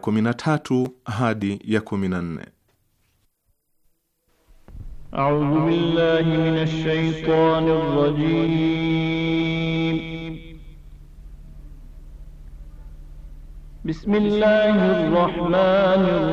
kumi na tatu hadi ya kumi na nne. A'udhu billahi minash shaitani rrajim. Bismillahir rahmanir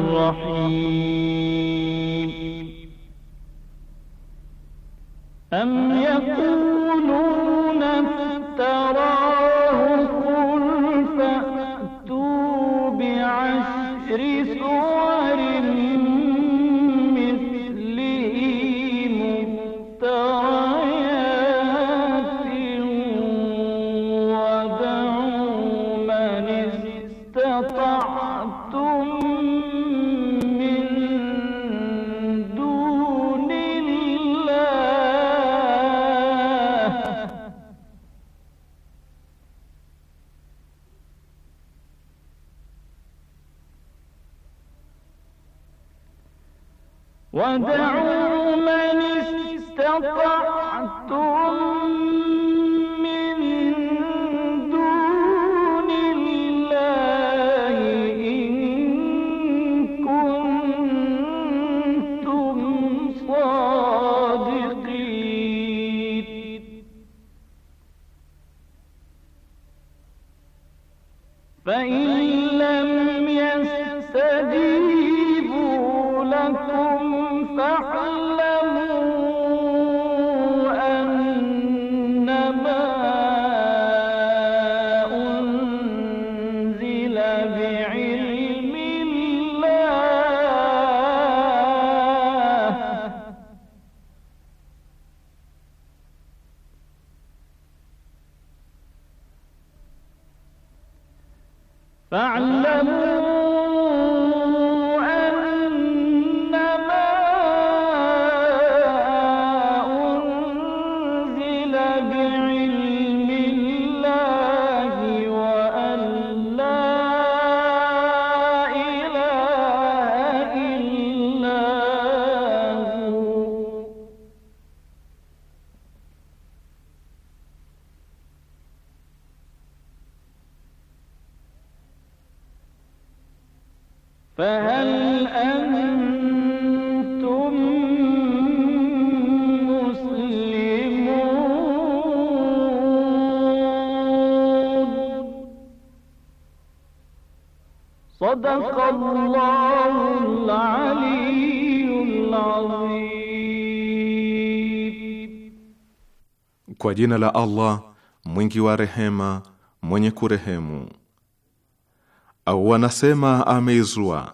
Kwa jina la Allah mwingi wa rehema mwenye kurehemu. Au wanasema ameizua,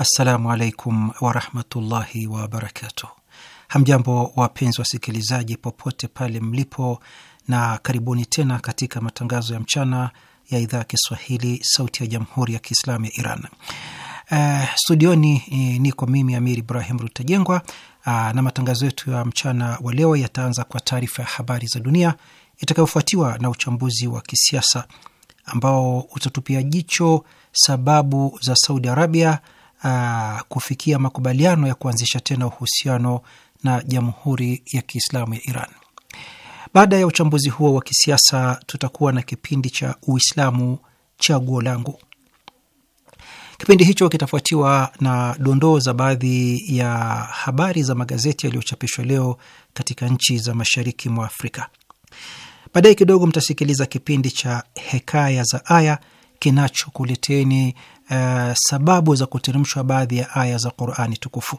Assalamu alaikum warahmatullahi wabarakatuh. Hamjambo wapenzi wasikilizaji, popote pale mlipo, na karibuni tena katika matangazo ya mchana ya idhaa ya Kiswahili, Sauti ya Jamhuri ya Kiislamu ya Iran. Uh, studioni eh, niko mimi Amir Ibrahim Rutajengwa. Uh, na matangazo yetu ya mchana wa leo yataanza kwa taarifa ya habari za dunia itakayofuatiwa na uchambuzi wa kisiasa ambao utatupia jicho sababu za Saudi Arabia aa, uh, kufikia makubaliano ya kuanzisha tena uhusiano na Jamhuri ya Kiislamu ya Iran. Baada ya uchambuzi huo wa kisiasa, tutakuwa na kipindi cha Uislamu Chaguo Langu. Kipindi hicho kitafuatiwa na dondoo za baadhi ya habari za magazeti yaliyochapishwa leo katika nchi za mashariki mwa Afrika. Baadaye kidogo mtasikiliza kipindi cha Hekaya za Aya kinachokuleteni uh, sababu za kuteremshwa baadhi ya aya za Qurani tukufu.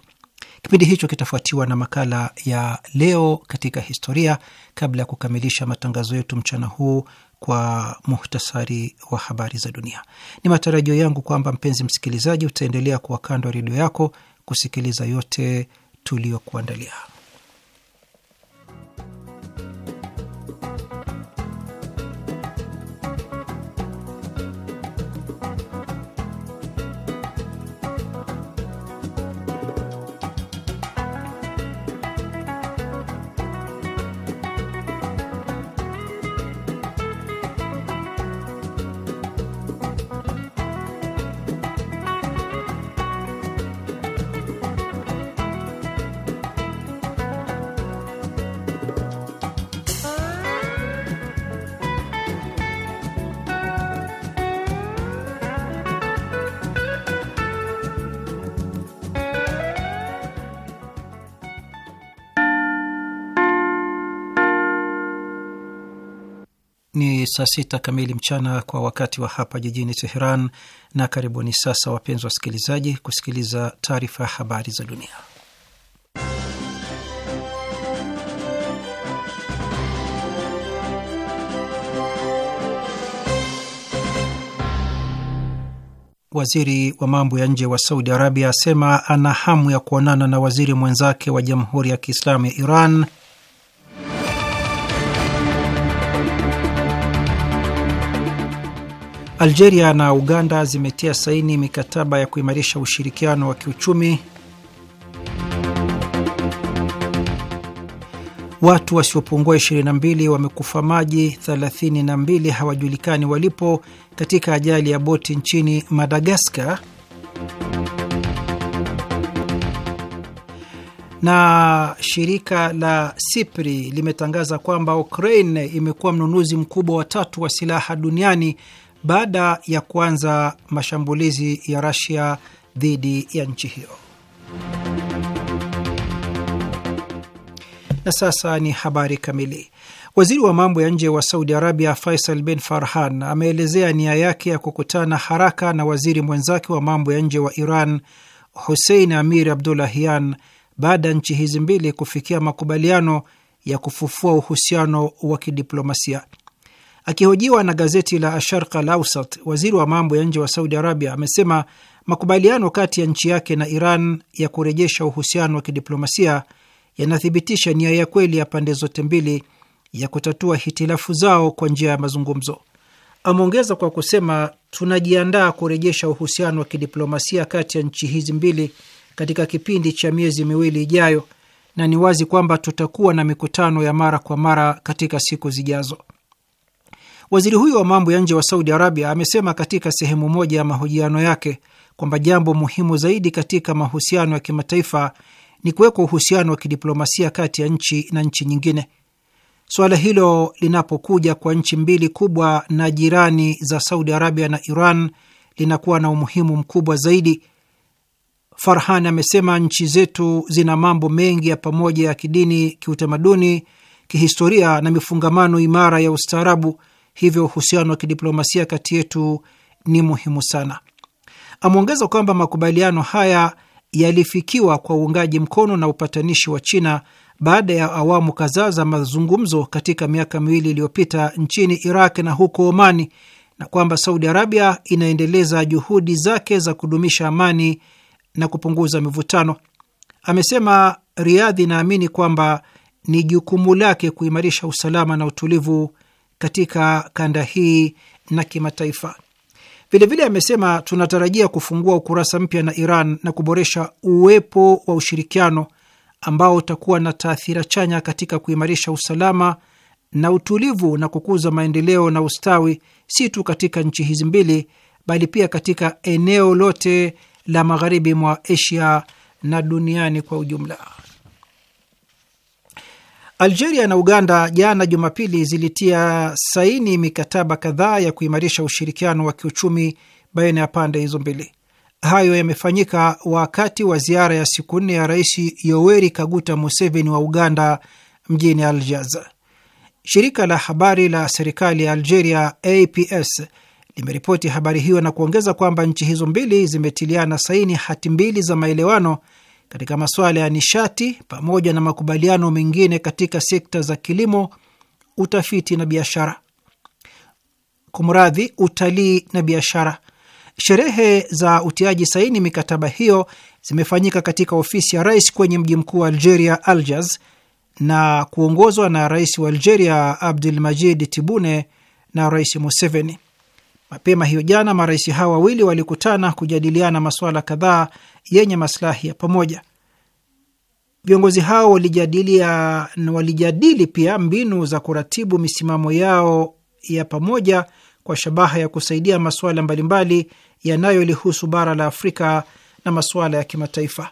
Kipindi hicho kitafuatiwa na makala ya leo katika historia, kabla ya kukamilisha matangazo yetu mchana huu kwa muhtasari wa habari za dunia. Ni matarajio yangu kwamba mpenzi msikilizaji, utaendelea kuwa kando ya redio yako kusikiliza yote tuliyokuandalia. saa sita kamili mchana kwa wakati wa hapa jijini Teheran. Na karibuni sasa, wapenzi wasikilizaji, kusikiliza taarifa ya habari za dunia. Waziri wa mambo ya nje wa Saudi Arabia asema ana hamu ya kuonana na waziri mwenzake wa Jamhuri ya Kiislamu ya Iran Algeria na Uganda zimetia saini mikataba ya kuimarisha ushirikiano wa kiuchumi. Watu wasiopungua 22 wamekufa maji, 32 hawajulikani walipo katika ajali ya boti nchini Madagaskar. Na shirika la SIPRI limetangaza kwamba Ukraine imekuwa mnunuzi mkubwa wa tatu wa silaha duniani baada ya kuanza mashambulizi ya rasia dhidi ya nchi hiyo. Na sasa ni habari kamili. Waziri wa mambo ya nje wa Saudi Arabia Faisal bin Farhan ameelezea nia yake ya kukutana haraka na waziri mwenzake wa mambo ya nje wa Iran Hussein Amir Abdulahian baada ya nchi hizi mbili kufikia makubaliano ya kufufua uhusiano wa kidiplomasia. Akihojiwa na gazeti la Asharq al waziri wa mambo ya nje wa Saudi Arabia amesema makubaliano kati ya nchi yake na Iran ya kurejesha uhusiano wa kidiplomasia yanathibitisha nia ya kweli ya pande zote mbili ya kutatua hitilafu zao kwa njia ya mazungumzo. Ameongeza kwa kusema, tunajiandaa kurejesha uhusiano wa kidiplomasia kati ya nchi hizi mbili katika kipindi cha miezi miwili ijayo, na ni wazi kwamba tutakuwa na mikutano ya mara kwa mara katika siku zijazo. Waziri huyo wa mambo ya nje wa Saudi Arabia amesema katika sehemu moja ya mahojiano yake kwamba jambo muhimu zaidi katika mahusiano ya kimataifa ni kuwekwa uhusiano wa kidiplomasia kati ya nchi na nchi nyingine. Suala hilo linapokuja kwa nchi mbili kubwa na jirani za Saudi Arabia na Iran linakuwa na umuhimu mkubwa zaidi. Farhan amesema nchi zetu zina mambo mengi ya pamoja ya kidini, kiutamaduni, kihistoria na mifungamano imara ya ustaarabu hivyo uhusiano wa kidiplomasia kati yetu ni muhimu sana. Ameongeza kwamba makubaliano haya yalifikiwa kwa uungaji mkono na upatanishi wa China baada ya awamu kadhaa za mazungumzo katika miaka miwili iliyopita nchini Iraq na huko Omani, na kwamba Saudi Arabia inaendeleza juhudi zake za kudumisha amani na kupunguza mivutano. Amesema Riadhi inaamini kwamba ni jukumu lake kuimarisha usalama na utulivu katika kanda hii na kimataifa. Vilevile amesema tunatarajia kufungua ukurasa mpya na Iran na kuboresha uwepo wa ushirikiano ambao utakuwa na taathira chanya katika kuimarisha usalama na utulivu na kukuza maendeleo na ustawi, si tu katika nchi hizi mbili, bali pia katika eneo lote la magharibi mwa Asia na duniani kwa ujumla. Algeria na Uganda jana Jumapili zilitia saini mikataba kadhaa ya kuimarisha ushirikiano wa kiuchumi baina ya pande hizo mbili. Hayo yamefanyika wakati wa ziara ya siku nne ya Rais Yoweri Kaguta Museveni wa Uganda mjini Algiers. Shirika la habari la serikali ya Algeria APS limeripoti habari hiyo na kuongeza kwamba nchi hizo mbili zimetiliana saini hati mbili za maelewano katika masuala ya nishati pamoja na makubaliano mengine katika sekta za kilimo, utafiti na biashara, kumradhi, utalii na biashara. Sherehe za utiaji saini mikataba hiyo zimefanyika katika ofisi ya rais kwenye mji mkuu wa Algeria, Algiers, na kuongozwa na rais wa Algeria abdul majid Tibune na rais Museveni. Mapema hiyo jana, marais hawa wawili walikutana kujadiliana masuala kadhaa yenye maslahi ya pamoja. Viongozi hao walijadili, walijadili pia mbinu za kuratibu misimamo yao ya pamoja kwa shabaha ya kusaidia masuala mbalimbali yanayolihusu bara la Afrika na masuala ya kimataifa.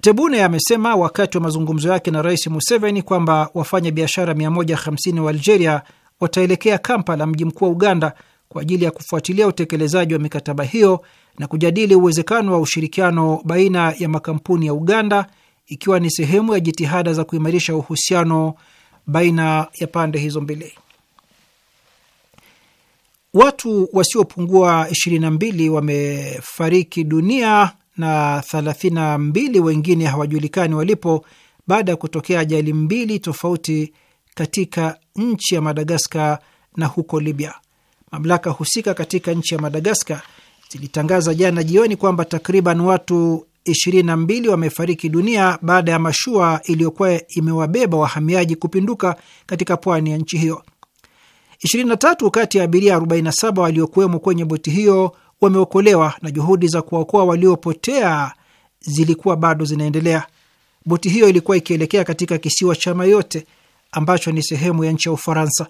Tebune amesema wakati wa mazungumzo yake na Rais Museveni kwamba wafanya biashara 150 wa Algeria wataelekea Kampala, mji mkuu wa Uganda, kwa ajili ya kufuatilia utekelezaji wa mikataba hiyo na kujadili uwezekano wa ushirikiano baina ya makampuni ya Uganda ikiwa ni sehemu ya jitihada za kuimarisha uhusiano baina ya pande hizo mbili. Watu wasiopungua 22 wamefariki dunia na 32 wengine hawajulikani walipo baada ya kutokea ajali mbili tofauti katika nchi ya Madagaskar na huko Libya. Mamlaka husika katika nchi ya Madagaskar zilitangaza jana jioni kwamba takriban watu 22 wamefariki dunia baada ya mashua iliyokuwa imewabeba wahamiaji kupinduka katika pwani ya nchi hiyo. 23 kati ya abiria 47 waliokuwemo kwenye boti hiyo wameokolewa na juhudi za kuwaokoa waliopotea zilikuwa bado zinaendelea. Boti hiyo ilikuwa ikielekea katika kisiwa cha Mayotte ambacho ni sehemu ya nchi ya Ufaransa.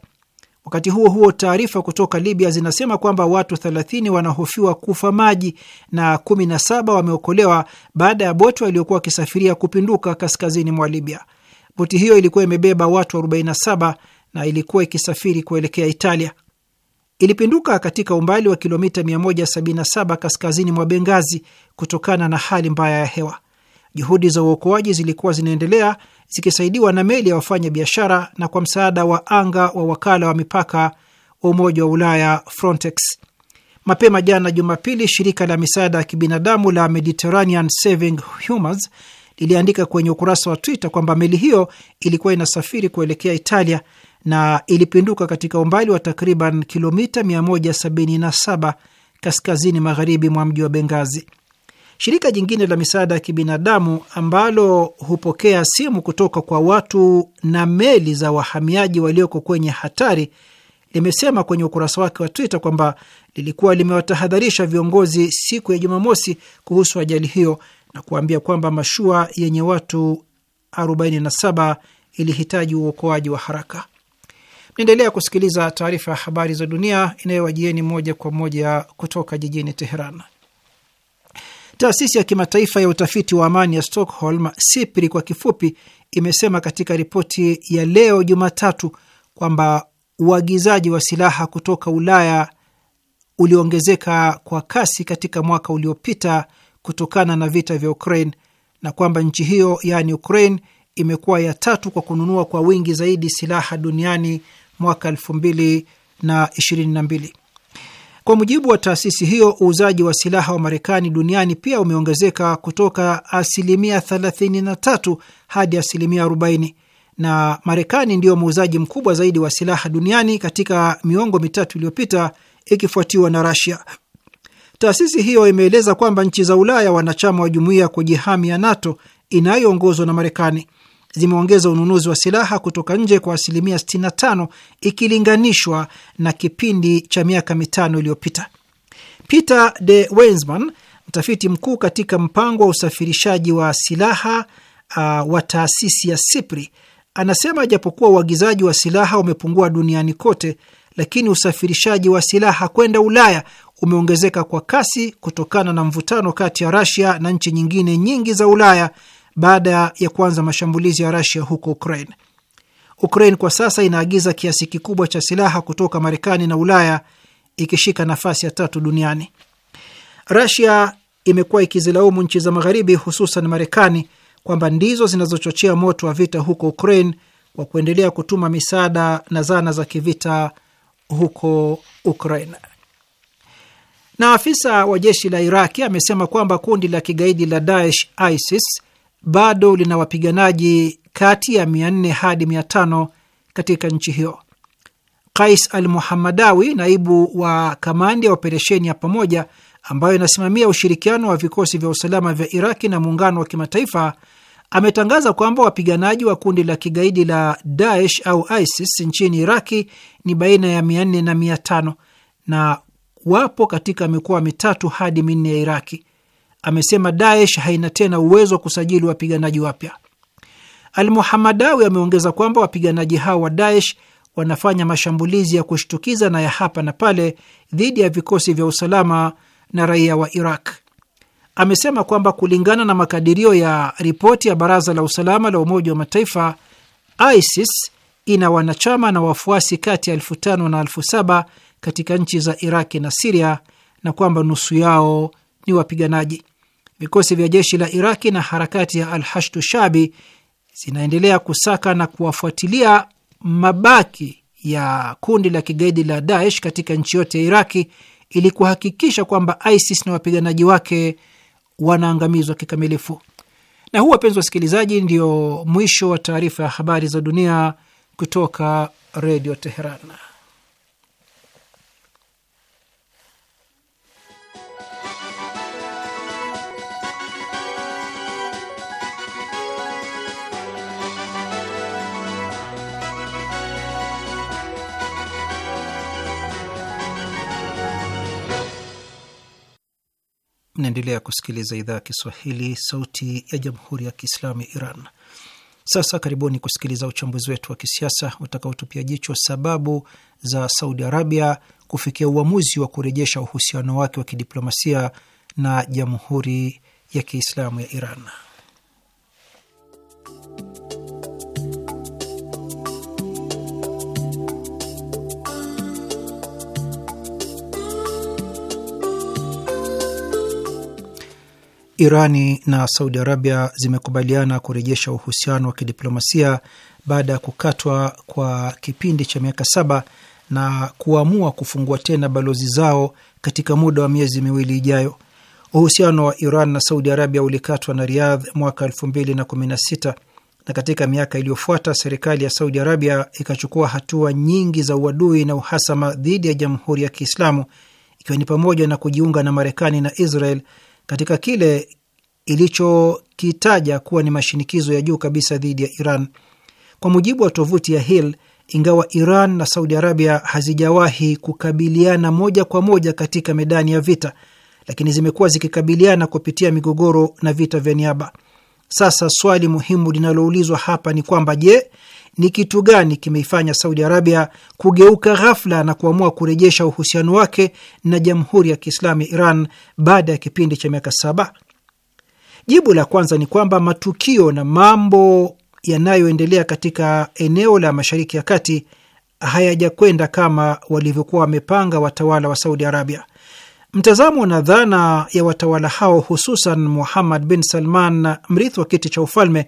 Wakati huo huo, taarifa kutoka Libya zinasema kwamba watu 30 wanahofiwa kufa maji na 17 wameokolewa baada ya boti waliokuwa wakisafiria kupinduka kaskazini mwa Libya. Boti hiyo ilikuwa imebeba watu 47 na ilikuwa ikisafiri kuelekea Italia. Ilipinduka katika umbali wa kilomita 177 kaskazini mwa Bengazi kutokana na hali mbaya ya hewa. Juhudi za uokoaji zilikuwa zinaendelea zikisaidiwa na meli ya wafanya biashara na kwa msaada wa anga wa wakala wa mipaka wa Umoja wa Ulaya Frontex. Mapema jana Jumapili, shirika la misaada ya kibinadamu la Mediterranean Saving Humans liliandika kwenye ukurasa wa Twitter kwamba meli hiyo ilikuwa inasafiri kuelekea Italia na ilipinduka katika umbali wa takriban kilomita 177 kaskazini magharibi mwa mji wa Bengazi. Shirika jingine la misaada ya kibinadamu ambalo hupokea simu kutoka kwa watu na meli za wahamiaji walioko kwenye hatari limesema kwenye ukurasa wake wa Twitter kwamba lilikuwa limewatahadharisha viongozi siku ya Jumamosi kuhusu ajali hiyo na kuambia kwamba mashua yenye watu 47 ilihitaji uokoaji wa haraka. Naendelea kusikiliza taarifa ya habari za dunia inayowajieni moja kwa moja kutoka jijini Teheran. Taasisi ya kimataifa ya utafiti wa amani ya Stockholm, SIPRI kwa kifupi, imesema katika ripoti ya leo Jumatatu kwamba uagizaji wa silaha kutoka Ulaya uliongezeka kwa kasi katika mwaka uliopita kutokana na vita vya Ukraine na kwamba nchi hiyo yaani Ukraine imekuwa ya tatu kwa kununua kwa wingi zaidi silaha duniani mwaka 2022. Kwa mujibu wa taasisi hiyo, uuzaji wa silaha wa Marekani duniani pia umeongezeka kutoka asilimia 33 hadi asilimia 40, na Marekani ndiyo muuzaji mkubwa zaidi wa silaha duniani katika miongo mitatu iliyopita ikifuatiwa na Rasia. Taasisi hiyo imeeleza kwamba nchi za Ulaya wanachama wa jumuiya ya kujihami ya NATO inayoongozwa na Marekani zimeongeza ununuzi wa silaha kutoka nje kwa asilimia 65 ikilinganishwa na kipindi cha miaka mitano iliyopita. Peter de Wensman, mtafiti mkuu katika mpango wa usafirishaji wa silaha uh, wa taasisi ya SIPRI, anasema japokuwa uagizaji wa silaha umepungua duniani kote, lakini usafirishaji wa silaha kwenda Ulaya umeongezeka kwa kasi kutokana na mvutano kati ya Russia na nchi nyingine nyingi za Ulaya baada ya kuanza mashambulizi ya Rasia huko Ukraine. Ukraine kwa sasa inaagiza kiasi kikubwa cha silaha kutoka Marekani na Ulaya, ikishika nafasi ya tatu duniani. Rasia imekuwa ikizilaumu nchi za Magharibi, hususan Marekani, kwamba ndizo zinazochochea moto wa vita huko Ukraine kwa kuendelea kutuma misaada na zana za kivita huko Ukraine. Na afisa wa jeshi la Iraki amesema kwamba kundi la kigaidi la Daesh ISIS bado lina wapiganaji kati ya 400 hadi 500 katika nchi hiyo. Kais al muhamadawi naibu wa kamandi ya operesheni ya pamoja ambayo inasimamia ushirikiano wa vikosi vya usalama vya Iraki na muungano wa kimataifa, ametangaza kwamba wapiganaji wa kundi la kigaidi la Daesh au ISIS nchini Iraki ni baina ya 400 na 500 na wapo katika mikoa mitatu hadi minne ya Iraki amesema Daesh haina tena uwezo wa kusajili wapiganaji wapya. Muhamadawi ameongeza kwamba wapiganaji hao wa Daesh wanafanya mashambulizi ya kushtukiza na ya hapa na pale dhidi ya vikosi vya usalama na raia wa Iraq. Amesema kwamba kulingana na makadirio ya ripoti ya Baraza la Usalama la Umoja wa Mataifa, ISIS ina wanachama na wafuasi kati ya elfu tano na elfu saba katika nchi za Iraki na Siria na kwamba nusu yao ni wapiganaji. Vikosi vya jeshi la Iraki na harakati ya al hashdu Shabi zinaendelea kusaka na kuwafuatilia mabaki ya kundi la kigaidi la Daesh katika nchi yote ya Iraki ili kuhakikisha kwamba ISIS na wapiganaji wake wanaangamizwa kikamilifu. Na huu, wapenzi wasikilizaji, ndio mwisho wa taarifa ya habari za dunia kutoka Redio Teheran. Mnaendelea kusikiliza idhaa ya Kiswahili, sauti ya jamhuri ya kiislamu ya Iran. Sasa karibuni kusikiliza uchambuzi wetu wa kisiasa utakaotupia jicho sababu za Saudi Arabia kufikia uamuzi wa kurejesha uhusiano wake wa kidiplomasia na jamhuri ya kiislamu ya Iran. Irani na Saudi Arabia zimekubaliana kurejesha uhusiano wa kidiplomasia baada ya kukatwa kwa kipindi cha miaka saba na kuamua kufungua tena balozi zao katika muda wa miezi miwili ijayo. Uhusiano wa Iran na Saudi Arabia ulikatwa na Riyadh mwaka 2016 na katika miaka iliyofuata serikali ya Saudi Arabia ikachukua hatua nyingi za uadui na uhasama dhidi ya Jamhuri ya Kiislamu, ikiwa ni pamoja na kujiunga na Marekani na Israel katika kile ilichokitaja kuwa ni mashinikizo ya juu kabisa dhidi ya Iran. Kwa mujibu wa tovuti ya Hill, ingawa Iran na Saudi Arabia hazijawahi kukabiliana moja kwa moja katika medani ya vita, lakini zimekuwa zikikabiliana kupitia migogoro na vita vya niaba. Sasa swali muhimu linaloulizwa hapa ni kwamba je, ni kitu gani kimeifanya Saudi Arabia kugeuka ghafla na kuamua kurejesha uhusiano wake na Jamhuri ya Kiislamu ya Iran baada ya kipindi cha miaka saba? Jibu la kwanza ni kwamba matukio na mambo yanayoendelea katika eneo la Mashariki ya Kati hayajakwenda kama walivyokuwa wamepanga watawala wa Saudi Arabia. Mtazamo na dhana ya watawala hao, hususan Muhammad bin Salman, mrithi wa kiti cha ufalme,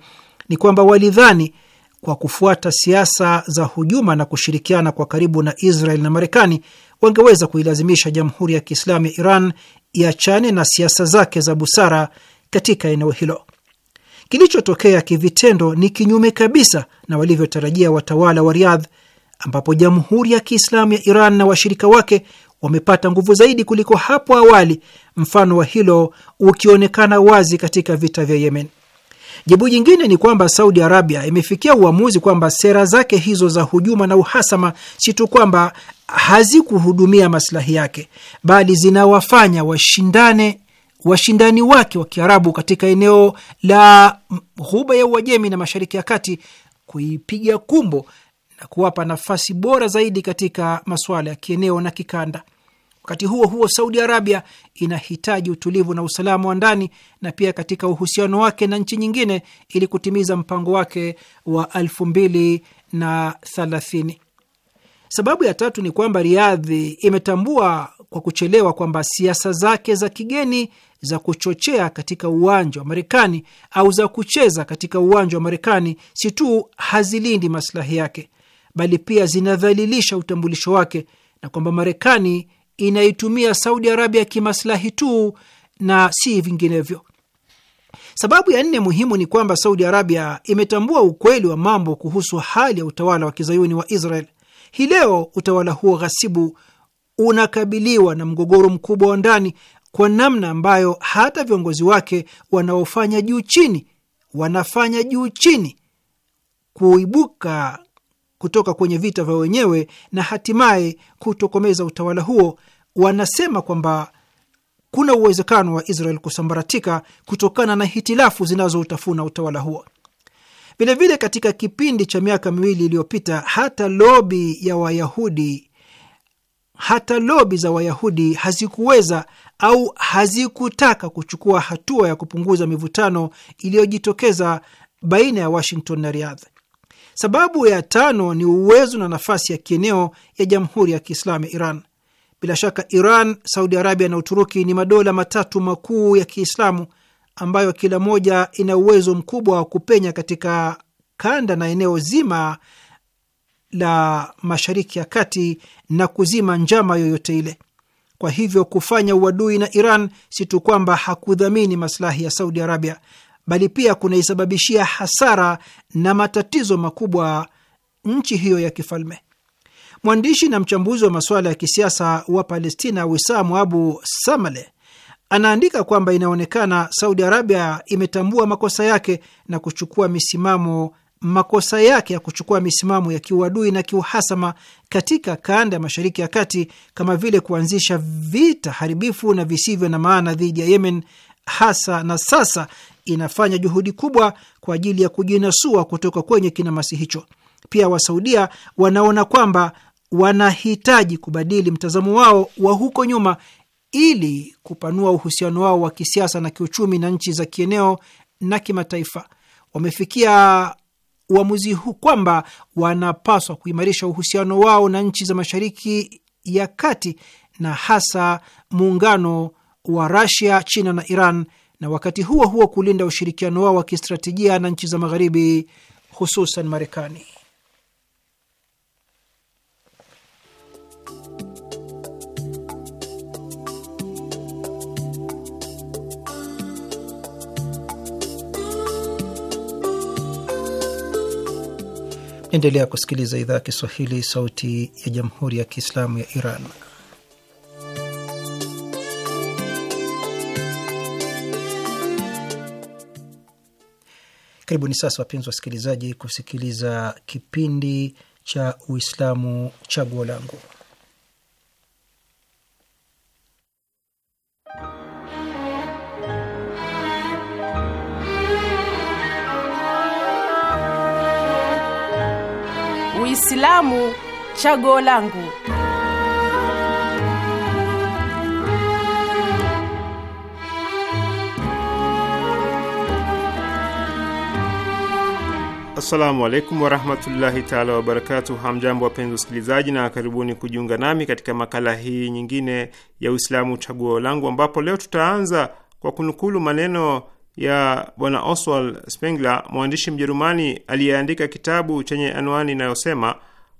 ni kwamba walidhani kwa kufuata siasa za hujuma na kushirikiana kwa karibu na Israel na Marekani wangeweza kuilazimisha Jamhuri ya Kiislamu ya Iran iachane na siasa zake za busara katika eneo hilo. Kilichotokea kivitendo ni kinyume kabisa na walivyotarajia watawala wa Riyadh, ambapo Jamhuri ya Kiislamu ya Iran na washirika wake wamepata nguvu zaidi kuliko hapo awali, mfano wa hilo ukionekana wazi katika vita vya Yemen. Jibu jingine ni kwamba Saudi Arabia imefikia uamuzi kwamba sera zake hizo za hujuma na uhasama si tu kwamba hazikuhudumia maslahi yake, bali zinawafanya washindane washindani wake wa Kiarabu katika eneo la Ghuba ya Uajemi na Mashariki ya Kati kuipiga kumbo na kuwapa nafasi bora zaidi katika masuala ya kieneo na kikanda. Wakati huo huo, Saudi Arabia inahitaji utulivu na usalama wa ndani na pia katika uhusiano wake na nchi nyingine ili kutimiza mpango wake wa elfu mbili na thelathini. Sababu ya tatu ni kwamba Riadhi imetambua kwa kuchelewa kwamba siasa zake za kigeni za kuchochea katika uwanja wa Marekani au za kucheza katika uwanja wa Marekani si tu hazilindi masilahi yake, bali pia zinadhalilisha utambulisho wake na kwamba Marekani inaitumia Saudi Arabia kimaslahi tu na si vinginevyo. Sababu ya nne muhimu ni kwamba Saudi Arabia imetambua ukweli wa mambo kuhusu hali ya utawala wa kizayuni wa Israel. Hii leo utawala huo ghasibu unakabiliwa na mgogoro mkubwa wa ndani kwa namna ambayo hata viongozi wake wanaofanya juu chini wanafanya juu chini kuibuka kutoka kwenye vita vya wenyewe na hatimaye kutokomeza utawala huo wanasema kwamba kuna uwezekano wa Israel kusambaratika kutokana na hitilafu zinazoutafuna utawala huo. Vilevile, katika kipindi cha miaka miwili iliyopita, hata lobi ya Wayahudi, hata lobi za Wayahudi hazikuweza au hazikutaka kuchukua hatua ya kupunguza mivutano iliyojitokeza baina ya Washington na Riadh. Sababu ya tano ni uwezo na nafasi ya kieneo ya Jamhuri ya Kiislamu ya Iran. Bila shaka Iran, Saudi Arabia na Uturuki ni madola matatu makuu ya Kiislamu ambayo kila moja ina uwezo mkubwa wa kupenya katika kanda na eneo zima la Mashariki ya Kati na kuzima njama yoyote ile. Kwa hivyo kufanya uadui na Iran si tu kwamba hakudhamini maslahi ya Saudi Arabia, bali pia kunaisababishia hasara na matatizo makubwa nchi hiyo ya kifalme. Mwandishi na mchambuzi wa masuala ya kisiasa wa Palestina Wisamu Abu Samale anaandika kwamba inaonekana Saudi Arabia imetambua makosa yake na kuchukua misimamo makosa yake ya kuchukua misimamo ya kiuadui na kiuhasama katika kanda ya Mashariki ya Kati kama vile kuanzisha vita haribifu na visivyo na maana dhidi ya Yemen hasa na sasa inafanya juhudi kubwa kwa ajili ya kujinasua kutoka kwenye kinamasi hicho. Pia Wasaudia wanaona kwamba wanahitaji kubadili mtazamo wao wa huko nyuma ili kupanua uhusiano wao wa kisiasa na kiuchumi na nchi za kieneo na kimataifa. Wamefikia uamuzi huu kwamba wanapaswa kuimarisha uhusiano wao na nchi za Mashariki ya Kati na hasa muungano wa Russia, China na Iran, na wakati huo huo kulinda ushirikiano wao wa kistratejia na nchi za Magharibi, hususan Marekani. Endelea kusikiliza idhaa ya Kiswahili, sauti ya jamhuri ya kiislamu ya Iran. Karibuni sasa, wapenzi wasikilizaji, kusikiliza kipindi cha Uislamu Chaguo Langu. Uislamu chaguo langu. Assalamu alaikum warahmatullahi taala wabarakatu. Hamjambo wapenzi wasikilizaji, na karibuni kujiunga nami katika makala hii nyingine ya Uislamu chaguo langu, ambapo leo tutaanza kwa kunukulu maneno ya bwana Oswald Spengler, mwandishi Mjerumani aliyeandika kitabu chenye anwani inayosema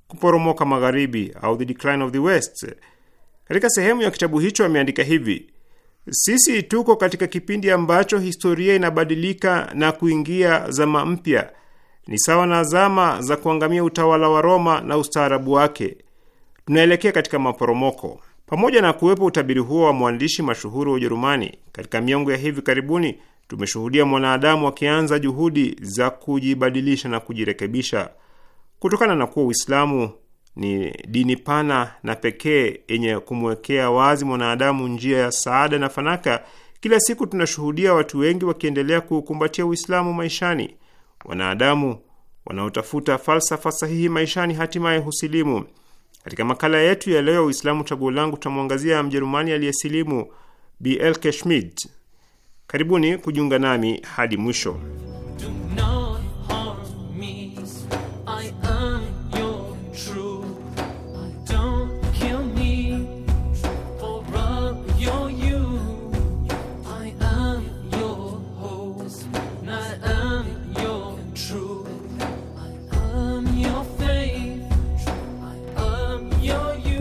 kuporomoka magharibi au the decline of the west. Katika sehemu ya kitabu hicho ameandika hivi: sisi tuko katika kipindi ambacho historia inabadilika na kuingia zama mpya, ni sawa na zama za kuangamia utawala wa Roma na ustaarabu wake. Tunaelekea katika maporomoko. Pamoja na kuwepo utabiri huo wa mwandishi mashuhuri wa Ujerumani, katika miongo ya hivi karibuni tumeshuhudia mwanadamu akianza juhudi za kujibadilisha na kujirekebisha. Kutokana na kuwa Uislamu ni dini pana na pekee yenye kumwekea wazi mwanadamu njia ya saada na fanaka, kila siku tunashuhudia watu wengi wakiendelea kuukumbatia Uislamu maishani. Wanadamu wanaotafuta falsafa sahihi maishani hatimaye husilimu. Katika makala yetu ya leo, Uislamu Chaguo Langu, tutamwangazia Mjerumani aliyesilimu Bi Elke Karibuni kujiunga nami hadi mwisho.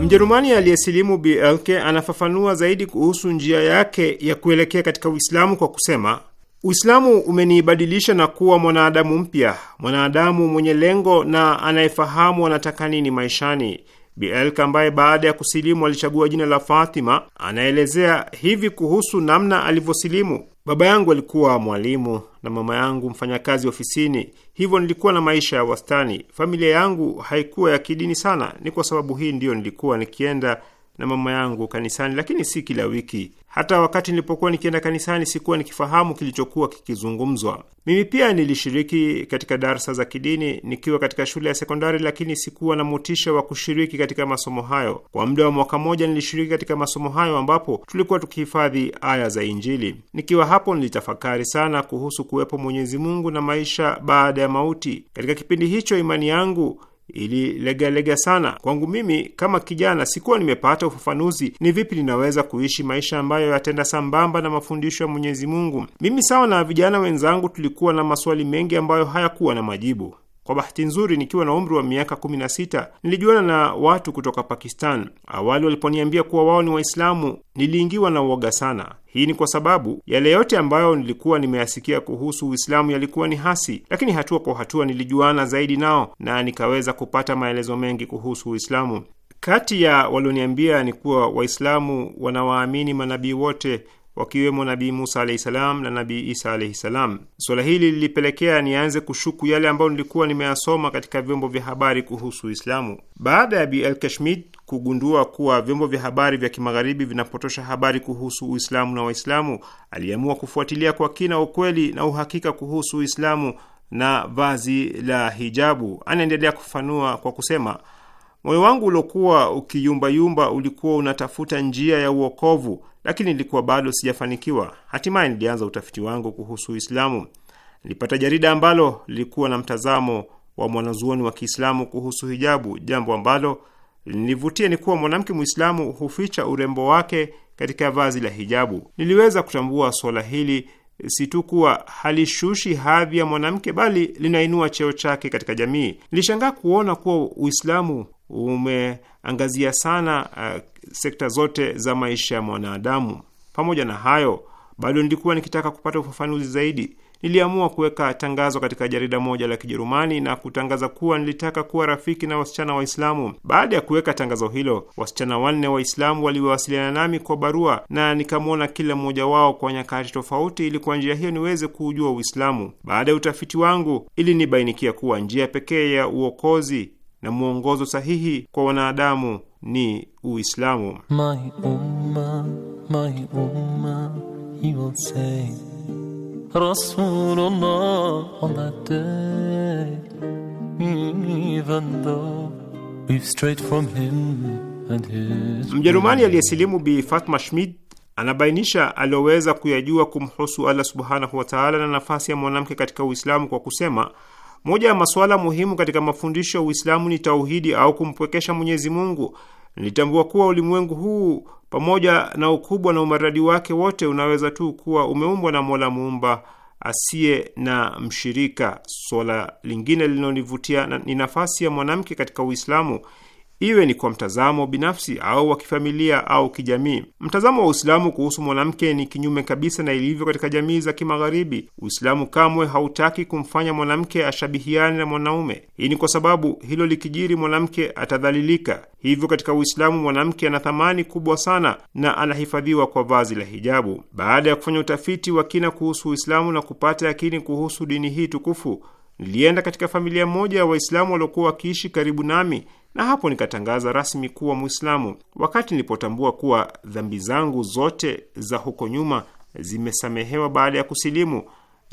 Mjerumani aliyesilimu Bi anafafanua zaidi kuhusu njia yake ya kuelekea katika Uislamu kwa kusema, Uislamu umeniibadilisha na kuwa mwanadamu mpya, mwanadamu mwenye lengo na anayefahamu anataka nini maishani. Bi ambaye baada ya kusilimu alichagua jina la Fatima anaelezea hivi kuhusu namna alivyosilimu: Baba yangu alikuwa mwalimu na mama yangu mfanyakazi ofisini, hivyo nilikuwa na maisha ya wastani. Familia yangu haikuwa ya kidini sana. Ni kwa sababu hii ndiyo nilikuwa nikienda na mama yangu kanisani, lakini si kila wiki. Hata wakati nilipokuwa nikienda kanisani, sikuwa nikifahamu kilichokuwa kikizungumzwa. Mimi pia nilishiriki katika darsa za kidini nikiwa katika shule ya sekondari, lakini sikuwa na motisha wa kushiriki katika masomo hayo. Kwa muda wa mwaka mmoja nilishiriki katika masomo hayo, ambapo tulikuwa tukihifadhi aya za Injili. Nikiwa hapo, nilitafakari sana kuhusu kuwepo Mwenyezi Mungu na maisha baada ya mauti. Katika kipindi hicho, imani yangu ililegalega sana. Kwangu mimi kama kijana, sikuwa nimepata ufafanuzi ni vipi ninaweza kuishi maisha ambayo yatenda sambamba na mafundisho ya Mwenyezi Mungu. Mimi sawa na vijana wenzangu, tulikuwa na maswali mengi ambayo hayakuwa na majibu. Kwa bahati nzuri, nikiwa na umri wa miaka 16 nilijuana na watu kutoka Pakistan. Awali waliponiambia kuwa wao ni Waislamu, niliingiwa na uoga sana. Hii ni kwa sababu yale yote ambayo nilikuwa nimeyasikia kuhusu Uislamu yalikuwa ni hasi, lakini hatua kwa hatua nilijuana zaidi nao na nikaweza kupata maelezo mengi kuhusu Uislamu. Kati ya walioniambia ni kuwa Waislamu wanawaamini manabii wote wakiwemo Nabii Musa alahi salam na Nabii Isa alahi salam. Suala hili lilipelekea nianze kushuku yale ambayo nilikuwa nimeyasoma katika vyombo vya habari kuhusu Uislamu baada ya Bi kashmid kugundua kuwa vyombo vya habari vya kimagharibi vinapotosha habari kuhusu Uislamu na Waislamu. Aliamua kufuatilia kwa kina ukweli na uhakika kuhusu Uislamu na vazi la hijabu. Anaendelea kufanua kwa kusema, moyo wangu uliokuwa ukiyumbayumba ulikuwa unatafuta njia ya uokovu lakini nilikuwa bado sijafanikiwa. Hatimaye nilianza utafiti wangu kuhusu Uislamu. Nilipata jarida ambalo lilikuwa na mtazamo wa mwanazuoni wa Kiislamu kuhusu hijabu. Jambo ambalo linivutia ni kuwa mwanamke Mwislamu huficha urembo wake katika vazi la hijabu. Niliweza kutambua suala hili si tu kuwa halishushi hadhi ya mwanamke bali linainua cheo chake katika jamii. Nilishangaa kuona kuwa Uislamu umeangazia sana uh, sekta zote za maisha ya mwanadamu. Pamoja na hayo, bado nilikuwa nikitaka kupata ufafanuzi zaidi. Niliamua kuweka tangazo katika jarida moja la Kijerumani na kutangaza kuwa nilitaka kuwa rafiki na wasichana Waislamu. Baada ya kuweka tangazo hilo, wasichana wanne Waislamu waliwasiliana nami kwa barua na nikamwona kila mmoja wao kwa nyakati tofauti, ili kwa njia hiyo niweze kuujua Uislamu. Baada ya utafiti wangu, ili nibainikia kuwa njia pekee ya uokozi na mwongozo sahihi kwa wanadamu ni Uislamu. Mjerumani aliyesilimu Bi Fatma Schmid anabainisha aliyoweza kuyajua kumhusu Allah subhanahu wataala na nafasi ya mwanamke katika Uislamu kwa kusema moja ya masuala muhimu katika mafundisho ya Uislamu ni tauhidi au kumpwekesha Mwenyezi Mungu. Nilitambua kuwa ulimwengu huu pamoja na ukubwa na umaridadi wake wote unaweza tu kuwa umeumbwa na Mola muumba asiye na mshirika. Swala lingine linalonivutia ni nafasi ya mwanamke katika Uislamu iwe ni kwa mtazamo binafsi au wa kifamilia au kijamii. Mtazamo wa Uislamu kuhusu mwanamke ni kinyume kabisa na ilivyo katika jamii za Kimagharibi. Uislamu kamwe hautaki kumfanya mwanamke ashabihiane na mwanaume. Hii ni kwa sababu hilo likijiri, mwanamke atadhalilika. Hivyo katika Uislamu mwanamke ana thamani kubwa sana na anahifadhiwa kwa vazi la hijabu. Baada ya kufanya utafiti wa kina kuhusu Uislamu na kupata yakini kuhusu dini hii tukufu, nilienda katika familia moja ya Waislamu waliokuwa wakiishi karibu nami na hapo nikatangaza rasmi kuwa Mwislamu. Wakati nilipotambua kuwa dhambi zangu zote za huko nyuma zimesamehewa baada ya kusilimu,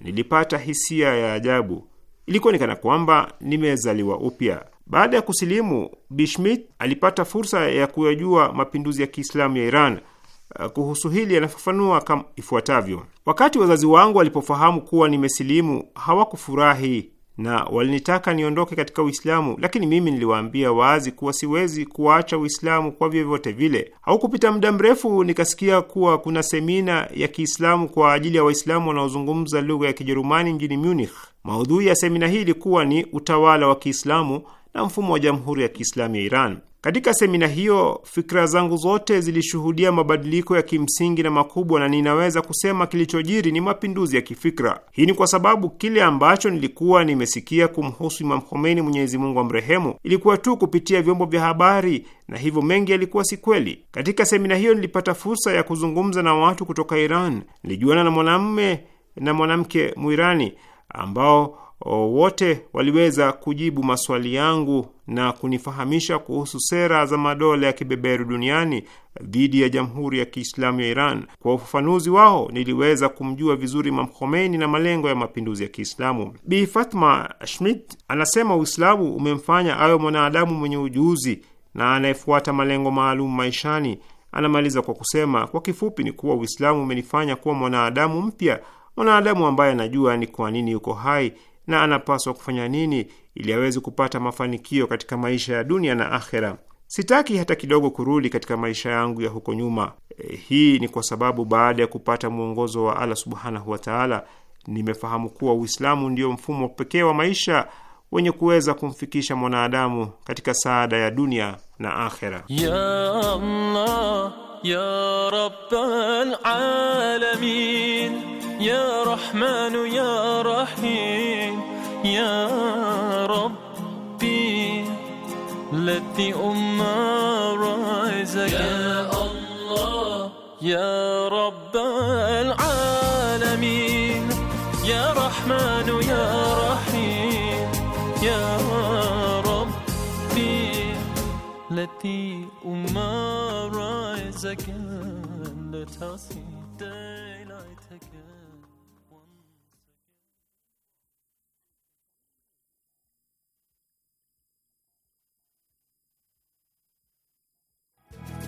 nilipata hisia ya ajabu. Ilikuwa ni kana kwamba nimezaliwa upya. Baada ya kusilimu, Bishmit alipata fursa ya kuyajua mapinduzi ya Kiislamu ya Iran. Uh, kuhusu hili anafafanua kama ifuatavyo: wakati wazazi wangu walipofahamu kuwa nimesilimu, hawakufurahi na walinitaka niondoke katika Uislamu, lakini mimi niliwaambia wazi kuwa siwezi kuacha Uislamu kwa vyovyote vile. Haukupita muda mrefu, nikasikia kuwa kuna semina ya Kiislamu kwa ajili ya Waislamu wanaozungumza lugha ya Kijerumani mjini Munich. Maudhui ya semina hii ilikuwa ni utawala wa Kiislamu na mfumo wa Jamhuri ya Kiislamu ya Iran. Katika semina hiyo, fikra zangu zote zilishuhudia mabadiliko ya kimsingi na makubwa, na ninaweza kusema kilichojiri ni mapinduzi ya kifikra. Hii ni kwa sababu kile ambacho nilikuwa nimesikia kumhusu Imam Khomeini, Mwenyezi Mungu amrehemu, ilikuwa tu kupitia vyombo vya habari na hivyo mengi yalikuwa si kweli. Katika semina hiyo nilipata fursa ya kuzungumza na watu kutoka Iran. Nilijuana na mwanamume na mwanamke Mwirani ambao wote waliweza kujibu maswali yangu na kunifahamisha kuhusu sera za madola ya kibeberu duniani dhidi ya Jamhuri ya Kiislamu ya Iran. Kwa ufafanuzi wao, niliweza kumjua vizuri Imam Khomeini na malengo ya mapinduzi ya Kiislamu. Bi Fatma Schmidt anasema Uislamu umemfanya awe mwanadamu mwenye ujuzi na anayefuata malengo maalum maishani. Anamaliza kwa kusema, kwa kifupi ni kuwa Uislamu umenifanya kuwa mwanadamu mpya, mwanadamu ambaye anajua ni kwa nini yuko hai na anapaswa kufanya nini ili aweze kupata mafanikio katika maisha ya dunia na akhera. Sitaki hata kidogo kurudi katika maisha yangu ya huko nyuma. E, hii ni kwa sababu baada ya kupata mwongozo wa Allah subhanahu wataala, nimefahamu kuwa Uislamu ndio mfumo pekee wa maisha wenye kuweza kumfikisha mwanadamu katika saada ya dunia na akhera. Ya Allah, ya Rabbal alamin, ya Rahmanu, ya Rahim يا ربي ummah rise again يا الله يا رب العالمين يا رحمن يا رحيم يا ربي التي أمار عزك لا تصيدين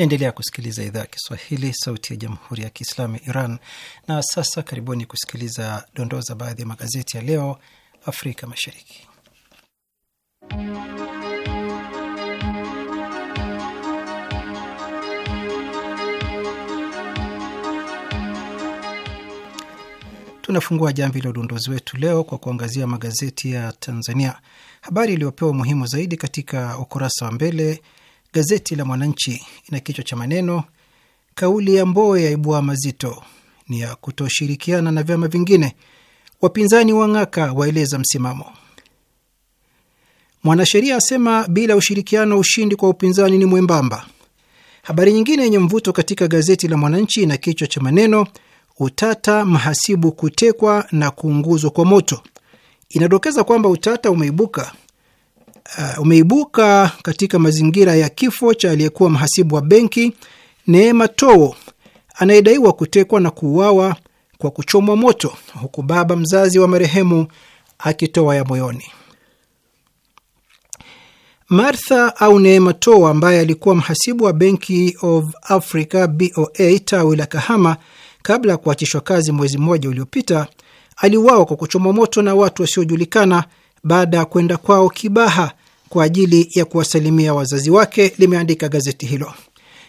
Naendelea kusikiliza idhaa ya Kiswahili, sauti ya jamhuri ya kiislamu ya Iran. Na sasa karibuni kusikiliza dondoo za baadhi ya magazeti ya leo Afrika Mashariki. Tunafungua jamvi la udondozi wetu leo kwa kuangazia magazeti ya Tanzania. Habari iliyopewa umuhimu zaidi katika ukurasa wa mbele Gazeti la Mwananchi ina kichwa cha maneno kauli ya ya yaibua mazito, ni ya kutoshirikiana na vyama vingine, wapinzani wang'aka waeleza msimamo. Mwanasheria asema bila ushirikiano ushindi kwa upinzani ni mwembamba. Habari nyingine yenye mvuto katika gazeti la Mwananchi ina kichwa cha maneno utata mhasibu kutekwa na kuunguzwa kwa moto. Inadokeza kwamba utata umeibuka uh, umeibuka katika mazingira ya kifo cha aliyekuwa mhasibu wa benki Neema Towo anayedaiwa kutekwa na kuuawa kwa kuchomwa moto, huku baba mzazi wa marehemu akitoa ya moyoni. Martha au Neema Towa ambaye alikuwa mhasibu wa Benki of Africa BOA tawi la Kahama kabla ya kuachishwa kazi mwezi mmoja uliopita aliuawa kwa kuchomwa moto na watu wasiojulikana baada ya kwenda kwao Kibaha kwa ajili ya kuwasalimia wazazi wake, limeandika gazeti hilo.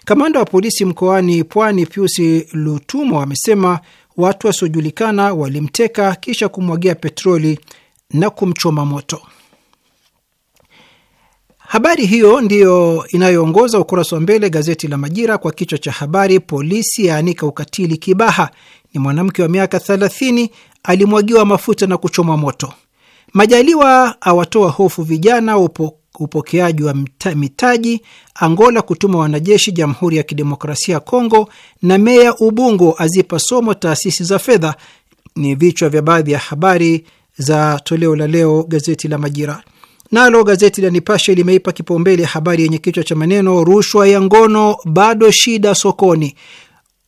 Kamanda wa polisi mkoani Pwani Pius Lutumo amesema watu wasiojulikana walimteka kisha kumwagia petroli na kumchoma moto. Habari hiyo ndiyo inayoongoza ukurasa wa mbele gazeti la Majira kwa kichwa cha habari, polisi yaanika ukatili Kibaha. Ni mwanamke wa miaka 30 alimwagiwa mafuta na kuchomwa moto. Majaliwa awatoa hofu vijana upo, upokeaji wa mitaji, Angola kutuma wanajeshi Jamhuri ya Kidemokrasia ya Kongo, na meya Ubungo azipa somo taasisi za fedha. Ni vichwa vya baadhi ya habari za toleo la leo gazeti la Majira. Nalo gazeti la Nipashe limeipa kipaumbele habari yenye kichwa cha maneno rushwa ya ngono bado shida sokoni,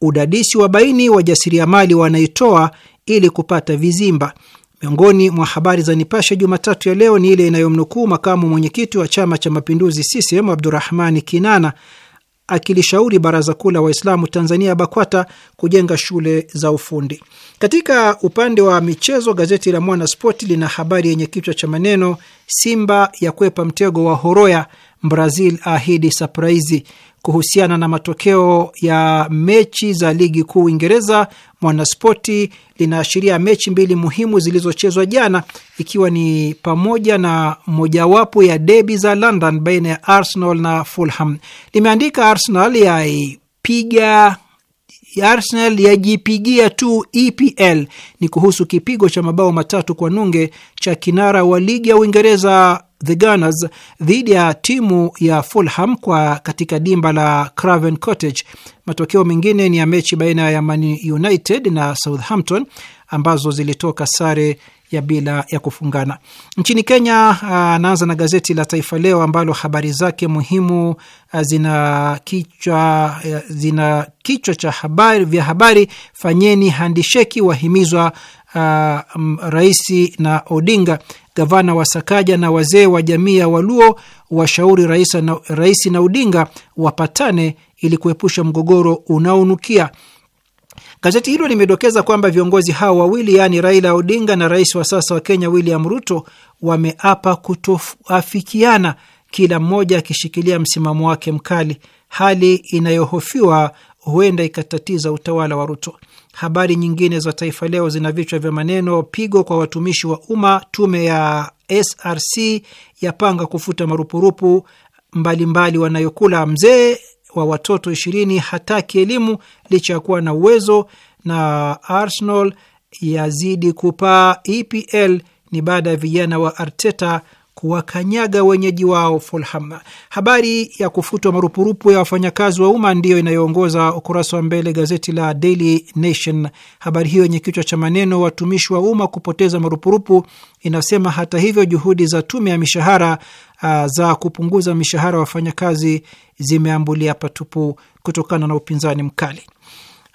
udadisi wa baini wajasiriamali wanaitoa ili kupata vizimba Miongoni mwa habari za Nipashe Jumatatu ya leo ni ile inayomnukuu makamu mwenyekiti wa Chama cha Mapinduzi CCM Abdurahmani Kinana akilishauri Baraza Kuu la Waislamu Tanzania BAKWATA kujenga shule za ufundi. Katika upande wa michezo, gazeti la Mwanaspoti lina habari yenye kichwa cha maneno Simba ya kwepa mtego wa Horoya, Brazil ahidi sapraizi kuhusiana na matokeo ya mechi za ligi kuu Uingereza, Mwanaspoti linaashiria mechi mbili muhimu zilizochezwa jana, ikiwa ni pamoja na mojawapo ya debi za London baina ya Arsenal na Fulham. Limeandika Arsenal yaipiga ya Arsenal yajipigia tu EPL ni kuhusu kipigo cha mabao matatu kwa nunge cha kinara wa ligi ya Uingereza The Gunners dhidi ya timu ya Fulham kwa katika dimba la Craven Cottage. Matokeo mengine ni ya mechi baina ya Man United na Southampton ambazo zilitoka sare ya bila ya kufungana. Nchini Kenya, anaanza uh, na gazeti la Taifa Leo ambalo habari zake muhimu uh, zina kichwa uh, zina kichwa cha habari vya habari, fanyeni handisheki, wahimizwa raisi na Odinga. Gavana wa Sakaja na wazee wa jamii ya Waluo washauri rais na, raisi na Odinga wapatane ili kuepusha mgogoro unaonukia. Gazeti hilo limedokeza kwamba viongozi hao wawili yaani Raila Odinga na rais wa sasa wa Kenya William Ruto wameapa kutoafikiana, kila mmoja akishikilia msimamo wake mkali, hali inayohofiwa huenda ikatatiza utawala wa Ruto. Habari nyingine za Taifa Leo zina vichwa vya maneno: pigo kwa watumishi wa umma, tume ya SRC yapanga kufuta marupurupu mbalimbali wanayokula, mzee wa watoto ishirini hataki elimu licha ya kuwa na uwezo, na Arsenal yazidi kupaa EPL ni baada ya vijana wa Arteta kuwakanyaga wenyeji wao Fulham. Habari ya kufutwa marupurupu ya wafanyakazi wa umma ndiyo inayoongoza ukurasa wa mbele gazeti la Daily Nation. Habari hiyo yenye kichwa cha maneno watumishi wa umma kupoteza marupurupu inasema, hata hivyo, juhudi za tume ya mishahara uh, za kupunguza mishahara wafanyakazi zimeambulia patupu kutokana na upinzani mkali.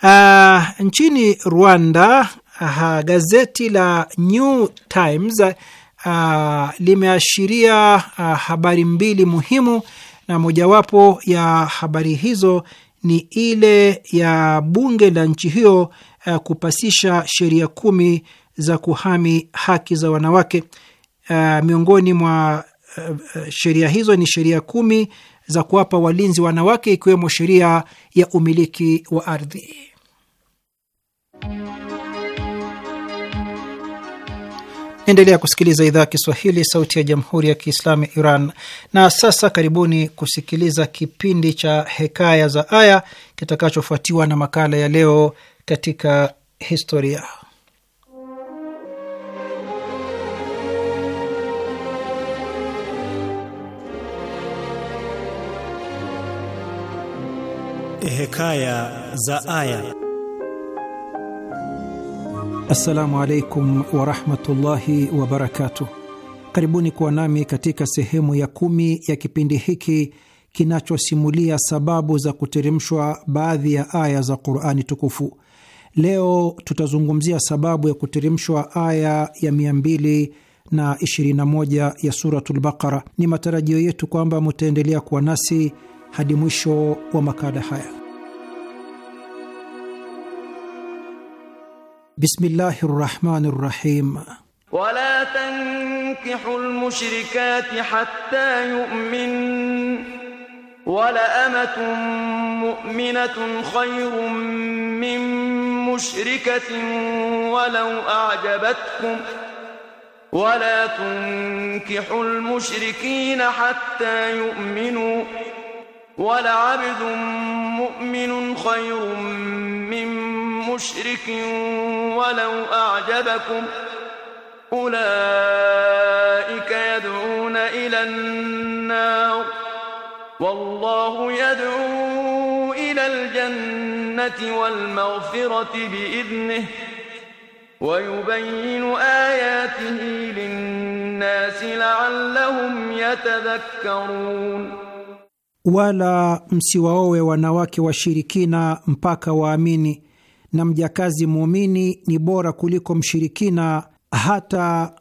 Uh, nchini Rwanda uh, gazeti la New Times uh, limeashiria uh, habari mbili muhimu, na mojawapo ya habari hizo ni ile ya bunge la nchi hiyo uh, kupasisha sheria kumi za kuhami haki za wanawake. Uh, miongoni mwa sheria hizo ni sheria kumi za kuwapa walinzi wanawake ikiwemo sheria ya umiliki wa ardhi. Naendelea kusikiliza idhaa ya Kiswahili, sauti ya jamhuri ya kiislamu ya Iran. Na sasa karibuni kusikiliza kipindi cha Hekaya za Aya kitakachofuatiwa na makala ya Leo katika Historia. Eh, hekaya za Aya. Assalamu alaikum warahmatullahi wabarakatuh. Karibuni kuwa nami katika sehemu ya kumi ya kipindi hiki kinachosimulia sababu za kuteremshwa baadhi ya aya za Qurani tukufu. Leo tutazungumzia sababu ya kuteremshwa aya ya 221 ya Suratul Baqara. Ni matarajio yetu kwamba mutaendelea kuwa nasi hadi mwisho wa makala haya. Bismillahi rahmani rahim. Wala tankihu lmushrikati hatta yumin walaamatu muminatun khayrun min mushrikatin walau ajabatkum wala tunkihu lmushrikina hatta yuminu ولعبد مؤمن خير من مشرك ولو أعجبكم أولئك يدعون إلى النار والله يدعو إلى الجنة والمغفرة بإذنه ويبين آياته للناس لعلهم يتذكرون wala msiwaowe wanawake washirikina mpaka waamini, na mjakazi muumini ni bora kuliko mshirikina hata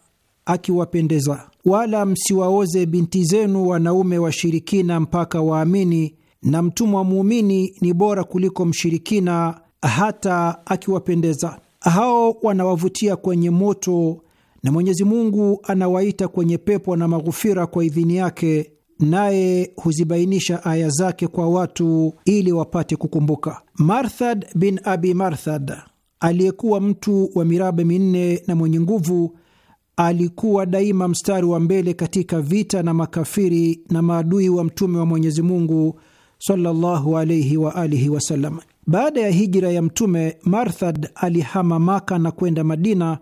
akiwapendeza. Wala msiwaoze binti zenu wanaume washirikina mpaka waamini, na mtumwa muumini ni bora kuliko mshirikina hata akiwapendeza. Hao wanawavutia kwenye moto, na Mwenyezi Mungu anawaita kwenye pepo na maghufira kwa idhini yake naye huzibainisha aya zake kwa watu ili wapate kukumbuka. Marthad bin Abi Marthad aliyekuwa mtu wa miraba minne na mwenye nguvu, alikuwa daima mstari wa mbele katika vita na makafiri na maadui wa Mtume wa Mwenyezi Mungu sallallahu alayhi wa alihi wasallam. Baada ya hijra ya Mtume, Marthad alihama Maka na kwenda Madina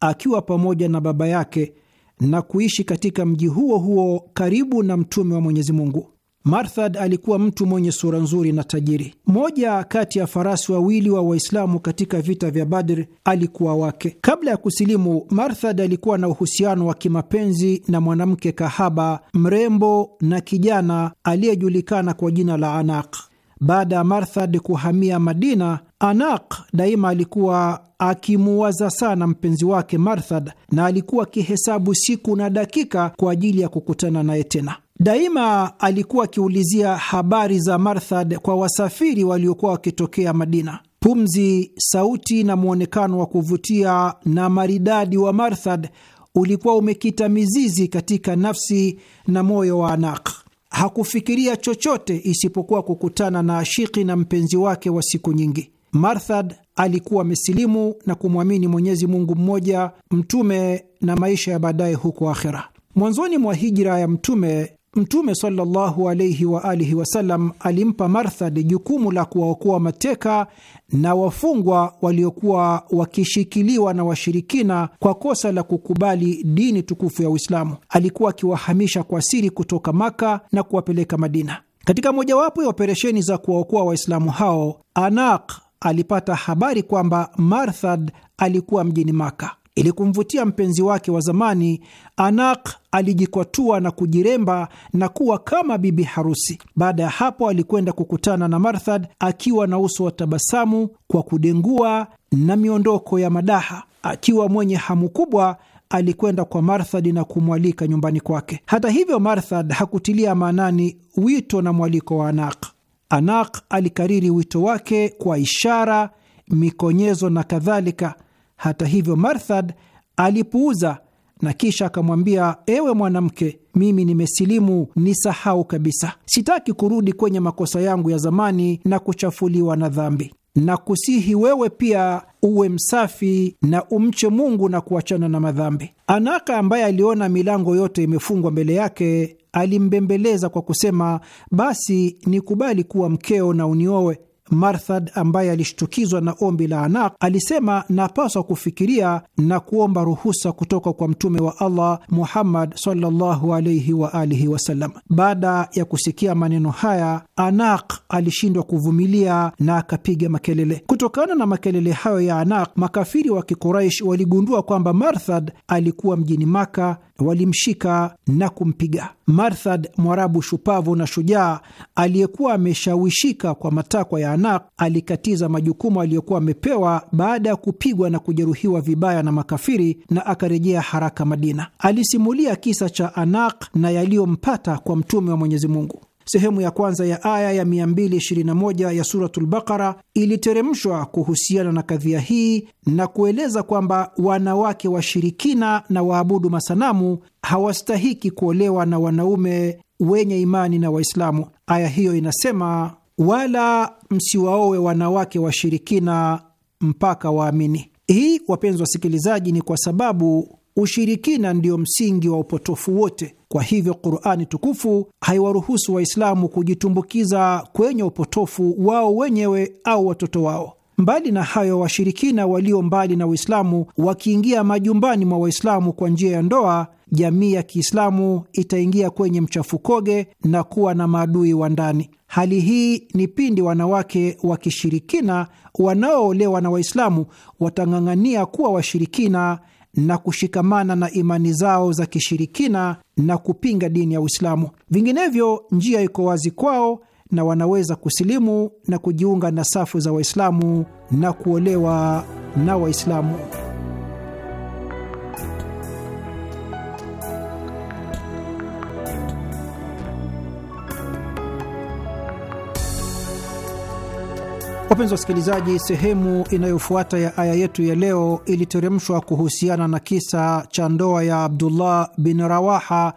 akiwa pamoja na baba yake na kuishi katika mji huo huo karibu na mtume wa Mwenyezi Mungu. Marthad alikuwa mtu mwenye sura nzuri na tajiri. Mmoja kati ya farasi wawili wa Waislamu wa katika vita vya Badr alikuwa wake. Kabla ya kusilimu, Marthad alikuwa na uhusiano wa kimapenzi na mwanamke kahaba mrembo na kijana aliyejulikana kwa jina la Anaq. Baada ya Marthad kuhamia Madina, Anak daima alikuwa akimuwaza sana mpenzi wake Marthad, na alikuwa akihesabu siku na dakika kwa ajili ya kukutana naye tena. Daima alikuwa akiulizia habari za Marthad kwa wasafiri waliokuwa wakitokea Madina. Pumzi, sauti na mwonekano wa kuvutia na maridadi wa Marthad ulikuwa umekita mizizi katika nafsi na moyo wa Anak. Hakufikiria chochote isipokuwa kukutana na ashiki na mpenzi wake wa siku nyingi. Marthad alikuwa amesilimu na kumwamini Mwenyezi Mungu mmoja, mtume na maisha ya baadaye huko akhera. Mwanzoni mwa hijra ya mtume Mtume sallallahu alayhi wa alihi wasallam alimpa Marthad jukumu la kuwaokoa mateka na wafungwa waliokuwa wakishikiliwa na washirikina kwa kosa la kukubali dini tukufu ya Uislamu. Alikuwa akiwahamisha kwa siri kutoka Maka na kuwapeleka Madina. Katika mojawapo ya operesheni za kuwaokoa Waislamu hao, Anaq alipata habari kwamba Marthad alikuwa mjini Maka. Ili kumvutia mpenzi wake wa zamani, Anak alijikwatua na kujiremba na kuwa kama bibi harusi. Baada ya hapo, alikwenda kukutana na Marthad akiwa na uso wa tabasamu kwa kudengua na miondoko ya madaha. Akiwa mwenye hamu kubwa, alikwenda kwa Marthad na kumwalika nyumbani kwake. Hata hivyo, Marthad hakutilia maanani wito na mwaliko wa Anak. Anak alikariri wito wake kwa ishara, mikonyezo na kadhalika. Hata hivyo, Marthad alipuuza na kisha akamwambia, ewe mwanamke, mimi nimesilimu, nisahau kabisa, sitaki kurudi kwenye makosa yangu ya zamani na kuchafuliwa na dhambi na kusihi wewe pia uwe msafi na umche Mungu na kuachana na madhambi. Anaka ambaye aliona milango yote imefungwa mbele yake alimbembeleza kwa kusema, basi nikubali kuwa mkeo na uniowe Marthad ambaye alishtukizwa na ombi la anaq alisema, napaswa kufikiria na kuomba ruhusa kutoka kwa Mtume wa Allah Muhammad sallallahu alayhi wa alihi wasallam. Baada ya kusikia maneno haya, anaq alishindwa kuvumilia na akapiga makelele. Kutokana na makelele hayo ya anaq makafiri wa Kikuraish waligundua kwamba Marthad alikuwa mjini Maka, walimshika na kumpiga. Marthad, mwarabu shupavu na shujaa aliyekuwa ameshawishika kwa matakwa ya Anak, alikatiza majukumu aliyokuwa amepewa baada ya kupigwa na kujeruhiwa vibaya na makafiri na akarejea haraka Madina. Alisimulia kisa cha Anak na yaliyompata kwa Mtume wa Mwenyezi Mungu sehemu ya kwanza ya aya ya 221 ya Suratul Bakara iliteremshwa kuhusiana na kadhia hii na kueleza kwamba wanawake washirikina na waabudu masanamu hawastahiki kuolewa na wanaume wenye imani na Waislamu. Aya hiyo inasema, wala msiwaowe wanawake washirikina mpaka waamini. Hii, wapenzi wasikilizaji, ni kwa sababu Ushirikina ndio msingi wa upotofu wote. Kwa hivyo, Qurani tukufu haiwaruhusu Waislamu kujitumbukiza kwenye upotofu wao wenyewe au watoto wao. Mbali na hayo, washirikina walio mbali na Uislamu wakiingia majumbani mwa Waislamu kwa njia ya ndoa, jamii ya Kiislamu itaingia kwenye mchafukoge na kuwa na maadui wa ndani. Hali hii ni pindi wanawake wa kishirikina wanaoolewa na Waislamu watang'ang'ania kuwa washirikina na kushikamana na imani zao za kishirikina na kupinga dini ya Uislamu. Vinginevyo njia iko wazi kwao na wanaweza kusilimu na kujiunga na safu za Waislamu na kuolewa na Waislamu. Wapenzi wasikilizaji, sehemu inayofuata ya aya yetu ya leo iliteremshwa kuhusiana na kisa cha ndoa ya Abdullah bin Rawaha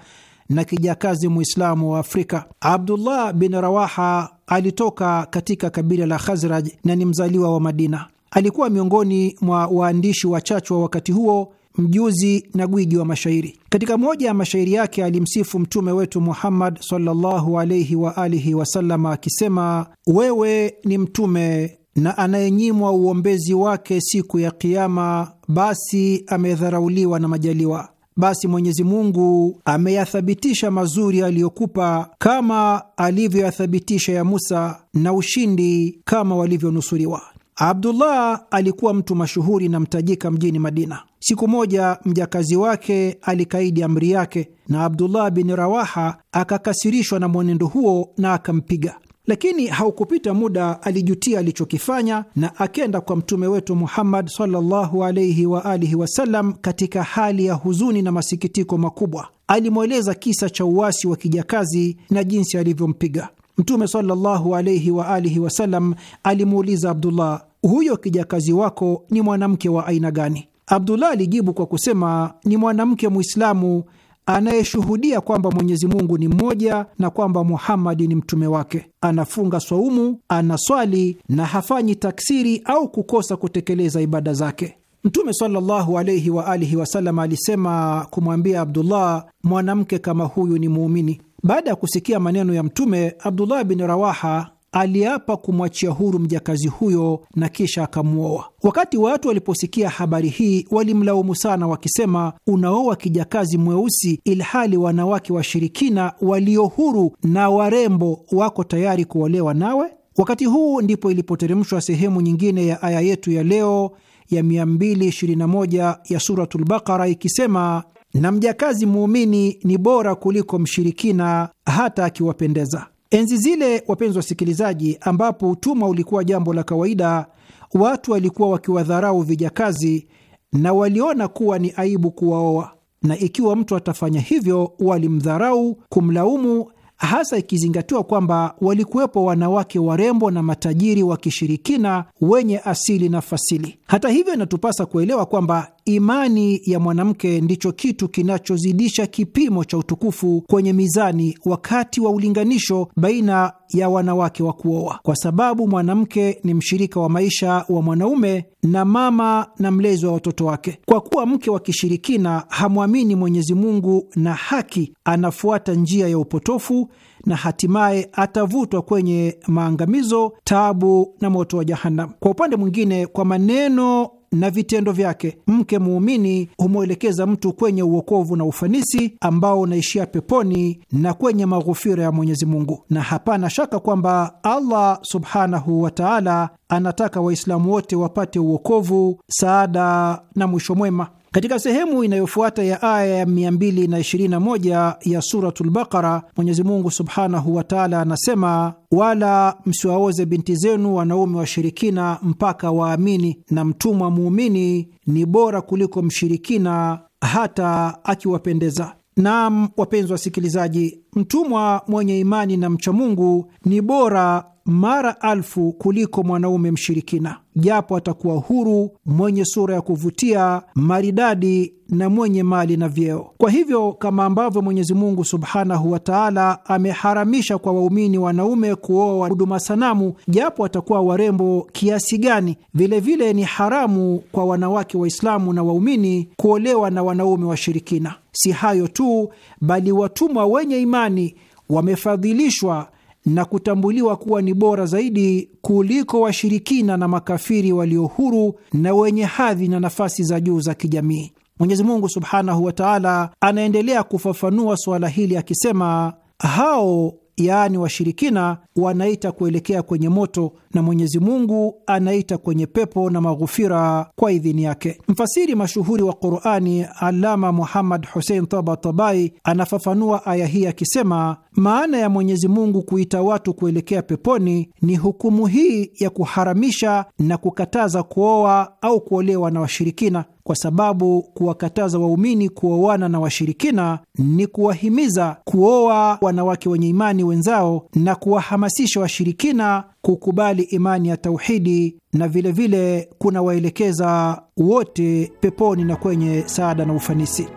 na kijakazi Muislamu wa Afrika. Abdullah bin Rawaha alitoka katika kabila la Khazraj na ni mzaliwa wa Madina. Alikuwa miongoni mwa waandishi wachache wa wakati huo mjuzi na gwiji wa mashairi. Katika moja ya mashairi yake alimsifu mtume wetu Muhammad sallallahu alaihi wa alihi wasallam akisema, wewe ni mtume na anayenyimwa uombezi wake siku ya Kiama basi amedharauliwa na majaliwa. Basi Mwenyezi Mungu ameyathabitisha mazuri aliyokupa kama alivyoyathabitisha ya Musa na ushindi kama walivyonusuriwa. Abdullah alikuwa mtu mashuhuri na mtajika mjini Madina. Siku moja mjakazi wake alikaidi amri yake, na Abdullah bin Rawaha akakasirishwa na mwenendo huo na akampiga lakini haukupita muda alijutia alichokifanya na akenda kwa mtume wetu Muhammad sallallahu alaihi wa alihi wasallam katika hali ya huzuni na masikitiko makubwa. Alimweleza kisa cha uwasi wa kijakazi na jinsi alivyompiga Mtume sallallahu alaihi wa alihi wasallam alimuuliza Abdullah, huyo kijakazi wako ni mwanamke wa aina gani? Abdullah alijibu kwa kusema, ni mwanamke Mwislamu anayeshuhudia kwamba Mwenyezi Mungu ni mmoja na kwamba Muhammadi ni mtume wake. Anafunga swaumu, anaswali na hafanyi taksiri au kukosa kutekeleza ibada zake. Mtume sallallahu alayhi wa alihi wasallam alisema kumwambia Abdullah, mwanamke kama huyu ni muumini. Baada ya kusikia maneno ya Mtume, Abdullah bin Rawaha aliapa kumwachia huru mjakazi huyo na kisha akamwoa. Wakati watu waliposikia habari hii, walimlaumu sana wakisema, unaoa kijakazi mweusi ilhali wanawake washirikina walio huru na warembo wako tayari kuolewa nawe? Wakati huu ndipo ilipoteremshwa sehemu nyingine ya aya yetu ya leo ya 221 ya Suratul Bakara ikisema, na mjakazi muumini ni bora kuliko mshirikina hata akiwapendeza Enzi zile, wapenzi wasikilizaji, ambapo utumwa ulikuwa jambo la kawaida, watu walikuwa wakiwadharau vijakazi na waliona kuwa ni aibu kuwaoa, na ikiwa mtu atafanya hivyo walimdharau, kumlaumu, hasa ikizingatiwa kwamba walikuwepo wanawake warembo na matajiri wa kishirikina wenye asili na fasili. Hata hivyo, inatupasa kuelewa kwamba imani ya mwanamke ndicho kitu kinachozidisha kipimo cha utukufu kwenye mizani wakati wa ulinganisho baina ya wanawake wa kuoa, kwa sababu mwanamke ni mshirika wa maisha wa mwanaume na mama na mlezi wa watoto wake. Kwa kuwa mke wa kishirikina hamwamini Mwenyezi Mungu na haki, anafuata njia ya upotofu na hatimaye atavutwa kwenye maangamizo, taabu na moto wa jahanam Kwa upande mwingine, kwa maneno na vitendo vyake. Mke muumini humwelekeza mtu kwenye uokovu na ufanisi ambao unaishia peponi na kwenye maghufira ya Mwenyezi Mungu, na hapana shaka kwamba Allah subhanahu wa taala anataka Waislamu wote wapate uokovu, saada na mwisho mwema. Katika sehemu inayofuata ya aya ya 221 ya Suratul Baqara, Mwenyezi Mungu subhanahu wa taala anasema, wala msiwaoze binti zenu wanaume washirikina mpaka waamini, na mtumwa muumini ni bora kuliko mshirikina hata akiwapendeza. Naam, wapenzi wasikilizaji, mtumwa mwenye imani na mcha Mungu ni bora mara alfu kuliko mwanaume mshirikina, japo atakuwa huru, mwenye sura ya kuvutia, maridadi na mwenye mali na vyeo. Kwa hivyo, kama ambavyo Mwenyezi Mungu subhanahu wa taala ameharamisha kwa waumini wanaume kuoa huduma sanamu, japo atakuwa warembo kiasi gani, vilevile vile ni haramu kwa wanawake Waislamu na waumini kuolewa na wanaume washirikina. Si hayo tu, bali watumwa wenye imani wamefadhilishwa na kutambuliwa kuwa ni bora zaidi kuliko washirikina na makafiri walio huru na wenye hadhi na nafasi za juu za kijamii. Mwenyezi Mungu subhanahu wa taala anaendelea kufafanua suala hili akisema, hao yaani washirikina, wanaita kuelekea kwenye moto na Mwenyezi Mungu anaita kwenye pepo na maghufira kwa idhini yake. Mfasiri mashuhuri wa Qurani Alama Muhammad Husein Tabatabai anafafanua aya hii akisema, maana ya Mwenyezi Mungu kuita watu kuelekea peponi ni hukumu hii ya kuharamisha na kukataza kuoa au kuolewa na washirikina kwa sababu kuwakataza waumini kuoana na washirikina ni kuwahimiza kuoa wanawake wenye imani wenzao na kuwahamasisha washirikina kukubali imani ya tauhidi, na vilevile kunawaelekeza wote peponi na kwenye saada na ufanisi.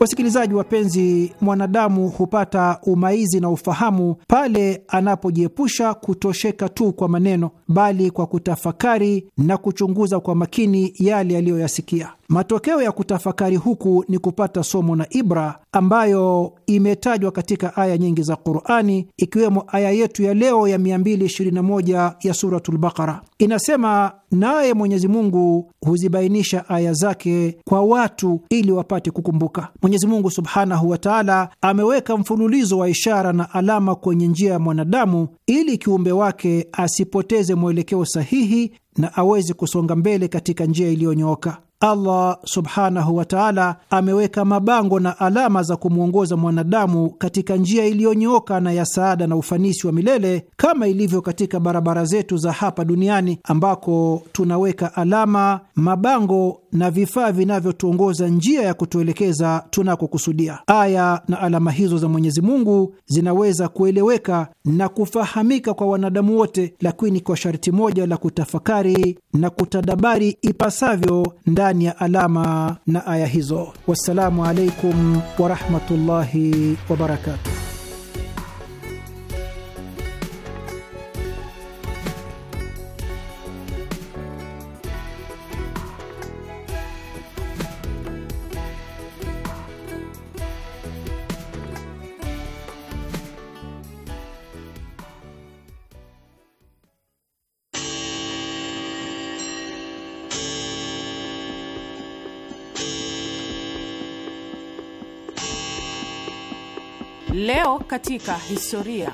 Wasikilizaji wapenzi, mwanadamu hupata umaizi na ufahamu pale anapojiepusha kutosheka tu kwa maneno, bali kwa kutafakari na kuchunguza kwa makini yale aliyoyasikia. Matokeo ya kutafakari huku ni kupata somo na ibra ambayo imetajwa katika aya nyingi za Qurani, ikiwemo aya yetu ya leo ya 221 ya Suratul Baqara. Inasema, naye Mwenyezi Mungu huzibainisha aya zake kwa watu ili wapate kukumbuka. Mwenyezi Mungu subhanahu wa taala ameweka mfululizo wa ishara na alama kwenye njia ya mwanadamu ili kiumbe wake asipoteze mwelekeo sahihi na aweze kusonga mbele katika njia iliyonyooka. Allah subhanahu wa taala ameweka mabango na alama za kumwongoza mwanadamu katika njia iliyonyooka na ya saada na ufanisi wa milele, kama ilivyo katika barabara zetu za hapa duniani ambako tunaweka alama, mabango na vifaa vinavyotuongoza njia ya kutuelekeza tunakokusudia. Aya na alama hizo za Mwenyezi Mungu zinaweza kueleweka na kufahamika kwa wanadamu wote, lakini kwa sharti moja la kutafakari na kutadabari ipasavyo ndani ya alama na aya hizo. Wassalamu alaikum warahmatullahi wabarakatu. katika historia.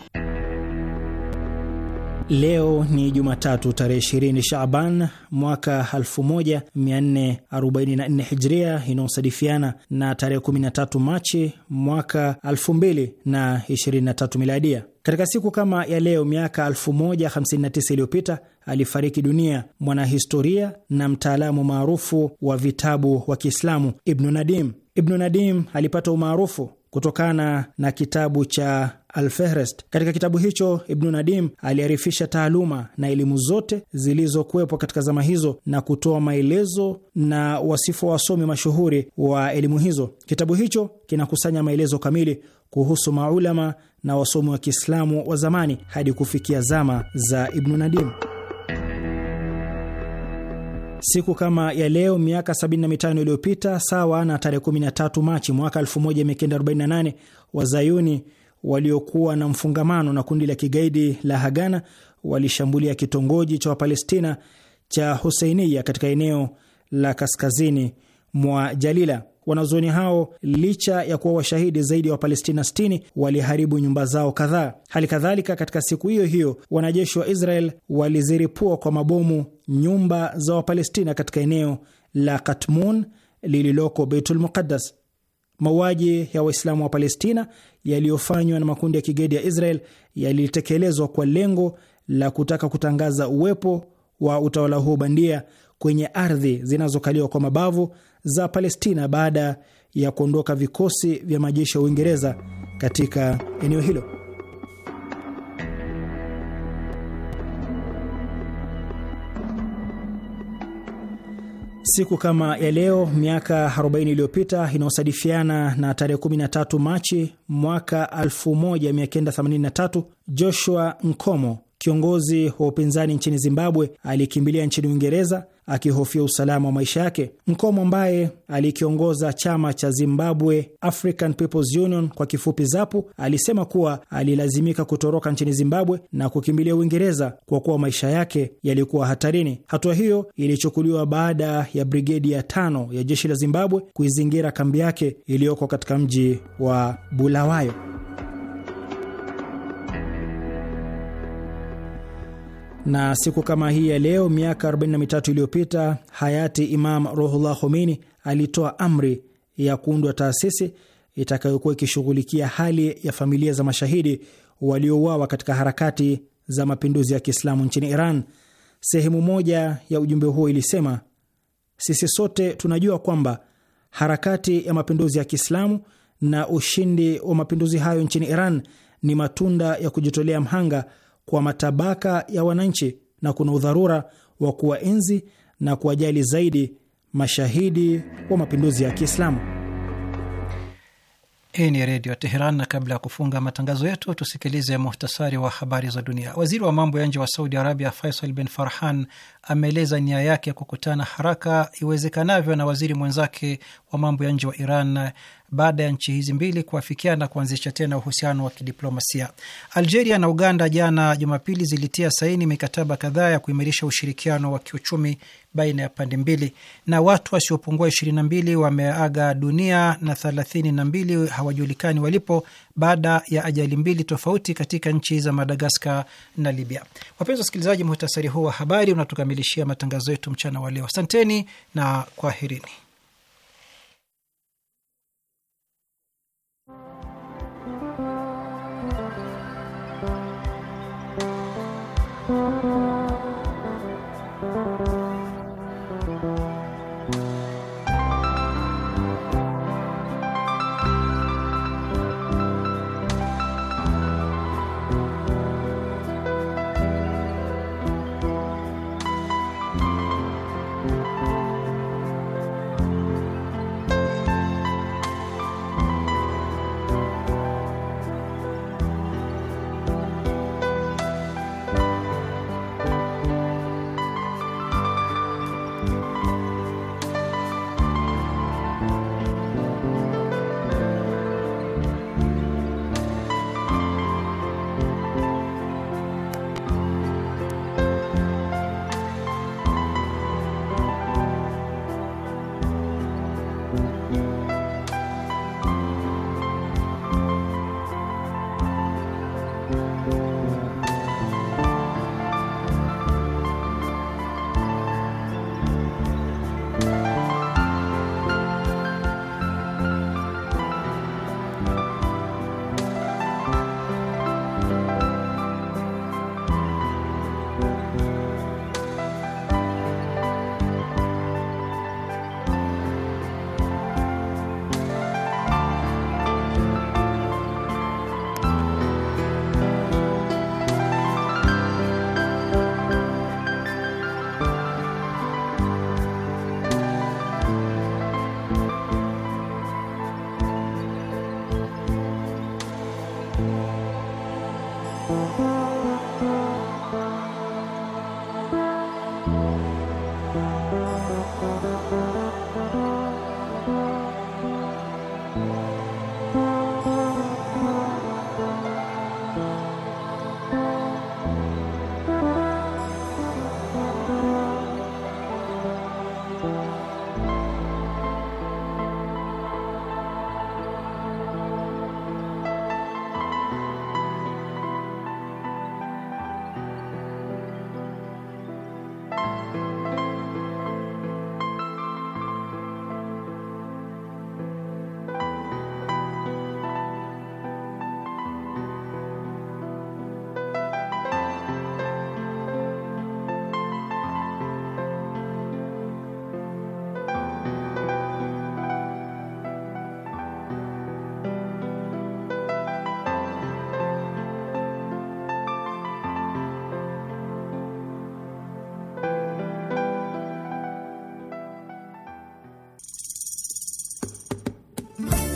Leo ni Jumatatu tarehe ishirini Shaban mwaka 1444 Hijria, inayosadifiana na tarehe 13 Machi mwaka 2023 Miladia. Katika siku kama ya leo miaka 1059 iliyopita alifariki dunia mwanahistoria na mtaalamu maarufu wa vitabu wa Kiislamu Ibnu Nadim. Ibnu Nadim alipata umaarufu kutokana na kitabu cha Alfehrest. Katika kitabu hicho Ibnu Nadim aliarifisha taaluma na elimu zote zilizokuwepo katika zama hizo na kutoa maelezo na wasifu wa wasomi mashuhuri wa elimu hizo. Kitabu hicho kinakusanya maelezo kamili kuhusu maulama na wasomi wa Kiislamu wa zamani hadi kufikia zama za Ibnu Nadim. Siku kama ya leo miaka 75 iliyopita, sawa na tarehe 13 Machi mwaka 1948, wazayuni waliokuwa na mfungamano na kundi la kigaidi la Hagana walishambulia kitongoji cha Wapalestina cha Huseinia katika eneo la kaskazini mwa Jalila. Wanazuoni hao licha ya kuwa washahidi zaidi ya wa Wapalestina 60 waliharibu nyumba zao kadhaa. Hali kadhalika, katika siku hiyo hiyo wanajeshi wa Israel waliziripua kwa mabomu nyumba za Wapalestina katika eneo la Katmun lililoko Beitul Muqaddas. Mauaji ya Waislamu wa Palestina yaliyofanywa na makundi ya kigedi ya Israel yalitekelezwa kwa lengo la kutaka kutangaza uwepo wa utawala huo bandia kwenye ardhi zinazokaliwa kwa mabavu za Palestina baada ya kuondoka vikosi vya majeshi ya Uingereza katika eneo hilo. Siku kama ya leo miaka 40 iliyopita inayosadifiana na tarehe 13 Machi mwaka 1983, Joshua Nkomo, kiongozi wa upinzani nchini Zimbabwe, alikimbilia nchini Uingereza akihofia usalama wa maisha yake. Mkomo ambaye alikiongoza chama cha Zimbabwe African People's Union kwa kifupi ZAPU alisema kuwa alilazimika kutoroka nchini Zimbabwe na kukimbilia Uingereza kwa kuwa maisha yake yalikuwa hatarini. Hatua hiyo ilichukuliwa baada ya brigedi ya tano ya jeshi la Zimbabwe kuizingira kambi yake iliyoko katika mji wa Bulawayo. na siku kama hii ya leo miaka 43 iliyopita hayati Imam Ruhullah Khomeini alitoa amri ya kuundwa taasisi itakayokuwa ikishughulikia hali ya familia za mashahidi waliouawa katika harakati za mapinduzi ya Kiislamu nchini Iran. Sehemu moja ya ujumbe huo ilisema, sisi sote tunajua kwamba harakati ya mapinduzi ya Kiislamu na ushindi wa mapinduzi hayo nchini Iran ni matunda ya kujitolea mhanga kwa matabaka ya wananchi na kuna udharura wa kuwaenzi na kuwajali zaidi mashahidi wa mapinduzi ya Kiislamu. Hii ni Redio Teheran, na kabla ya kufunga matangazo yetu tusikilize muhtasari wa habari za dunia. Waziri wa mambo ya nje wa Saudi Arabia Faisal bin Farhan ameeleza nia yake ya kukutana haraka iwezekanavyo na waziri mwenzake wa mambo ya nje wa Iran baada ya nchi hizi mbili kuafikiana kuanzisha tena uhusiano wa kidiplomasia. Algeria na Uganda jana Jumapili zilitia saini mikataba kadhaa ya kuimarisha ushirikiano wa kiuchumi baina ya pande mbili, na watu wasiopungua 22 wameaga dunia na 32 hawajulikani walipo baada ya ajali mbili tofauti katika nchi za Madagaskar na Libya. Wapenzi wasikilizaji, muhtasari huu wa habari unatukamilishia matangazo yetu mchana wa leo. Asanteni na kwaherini.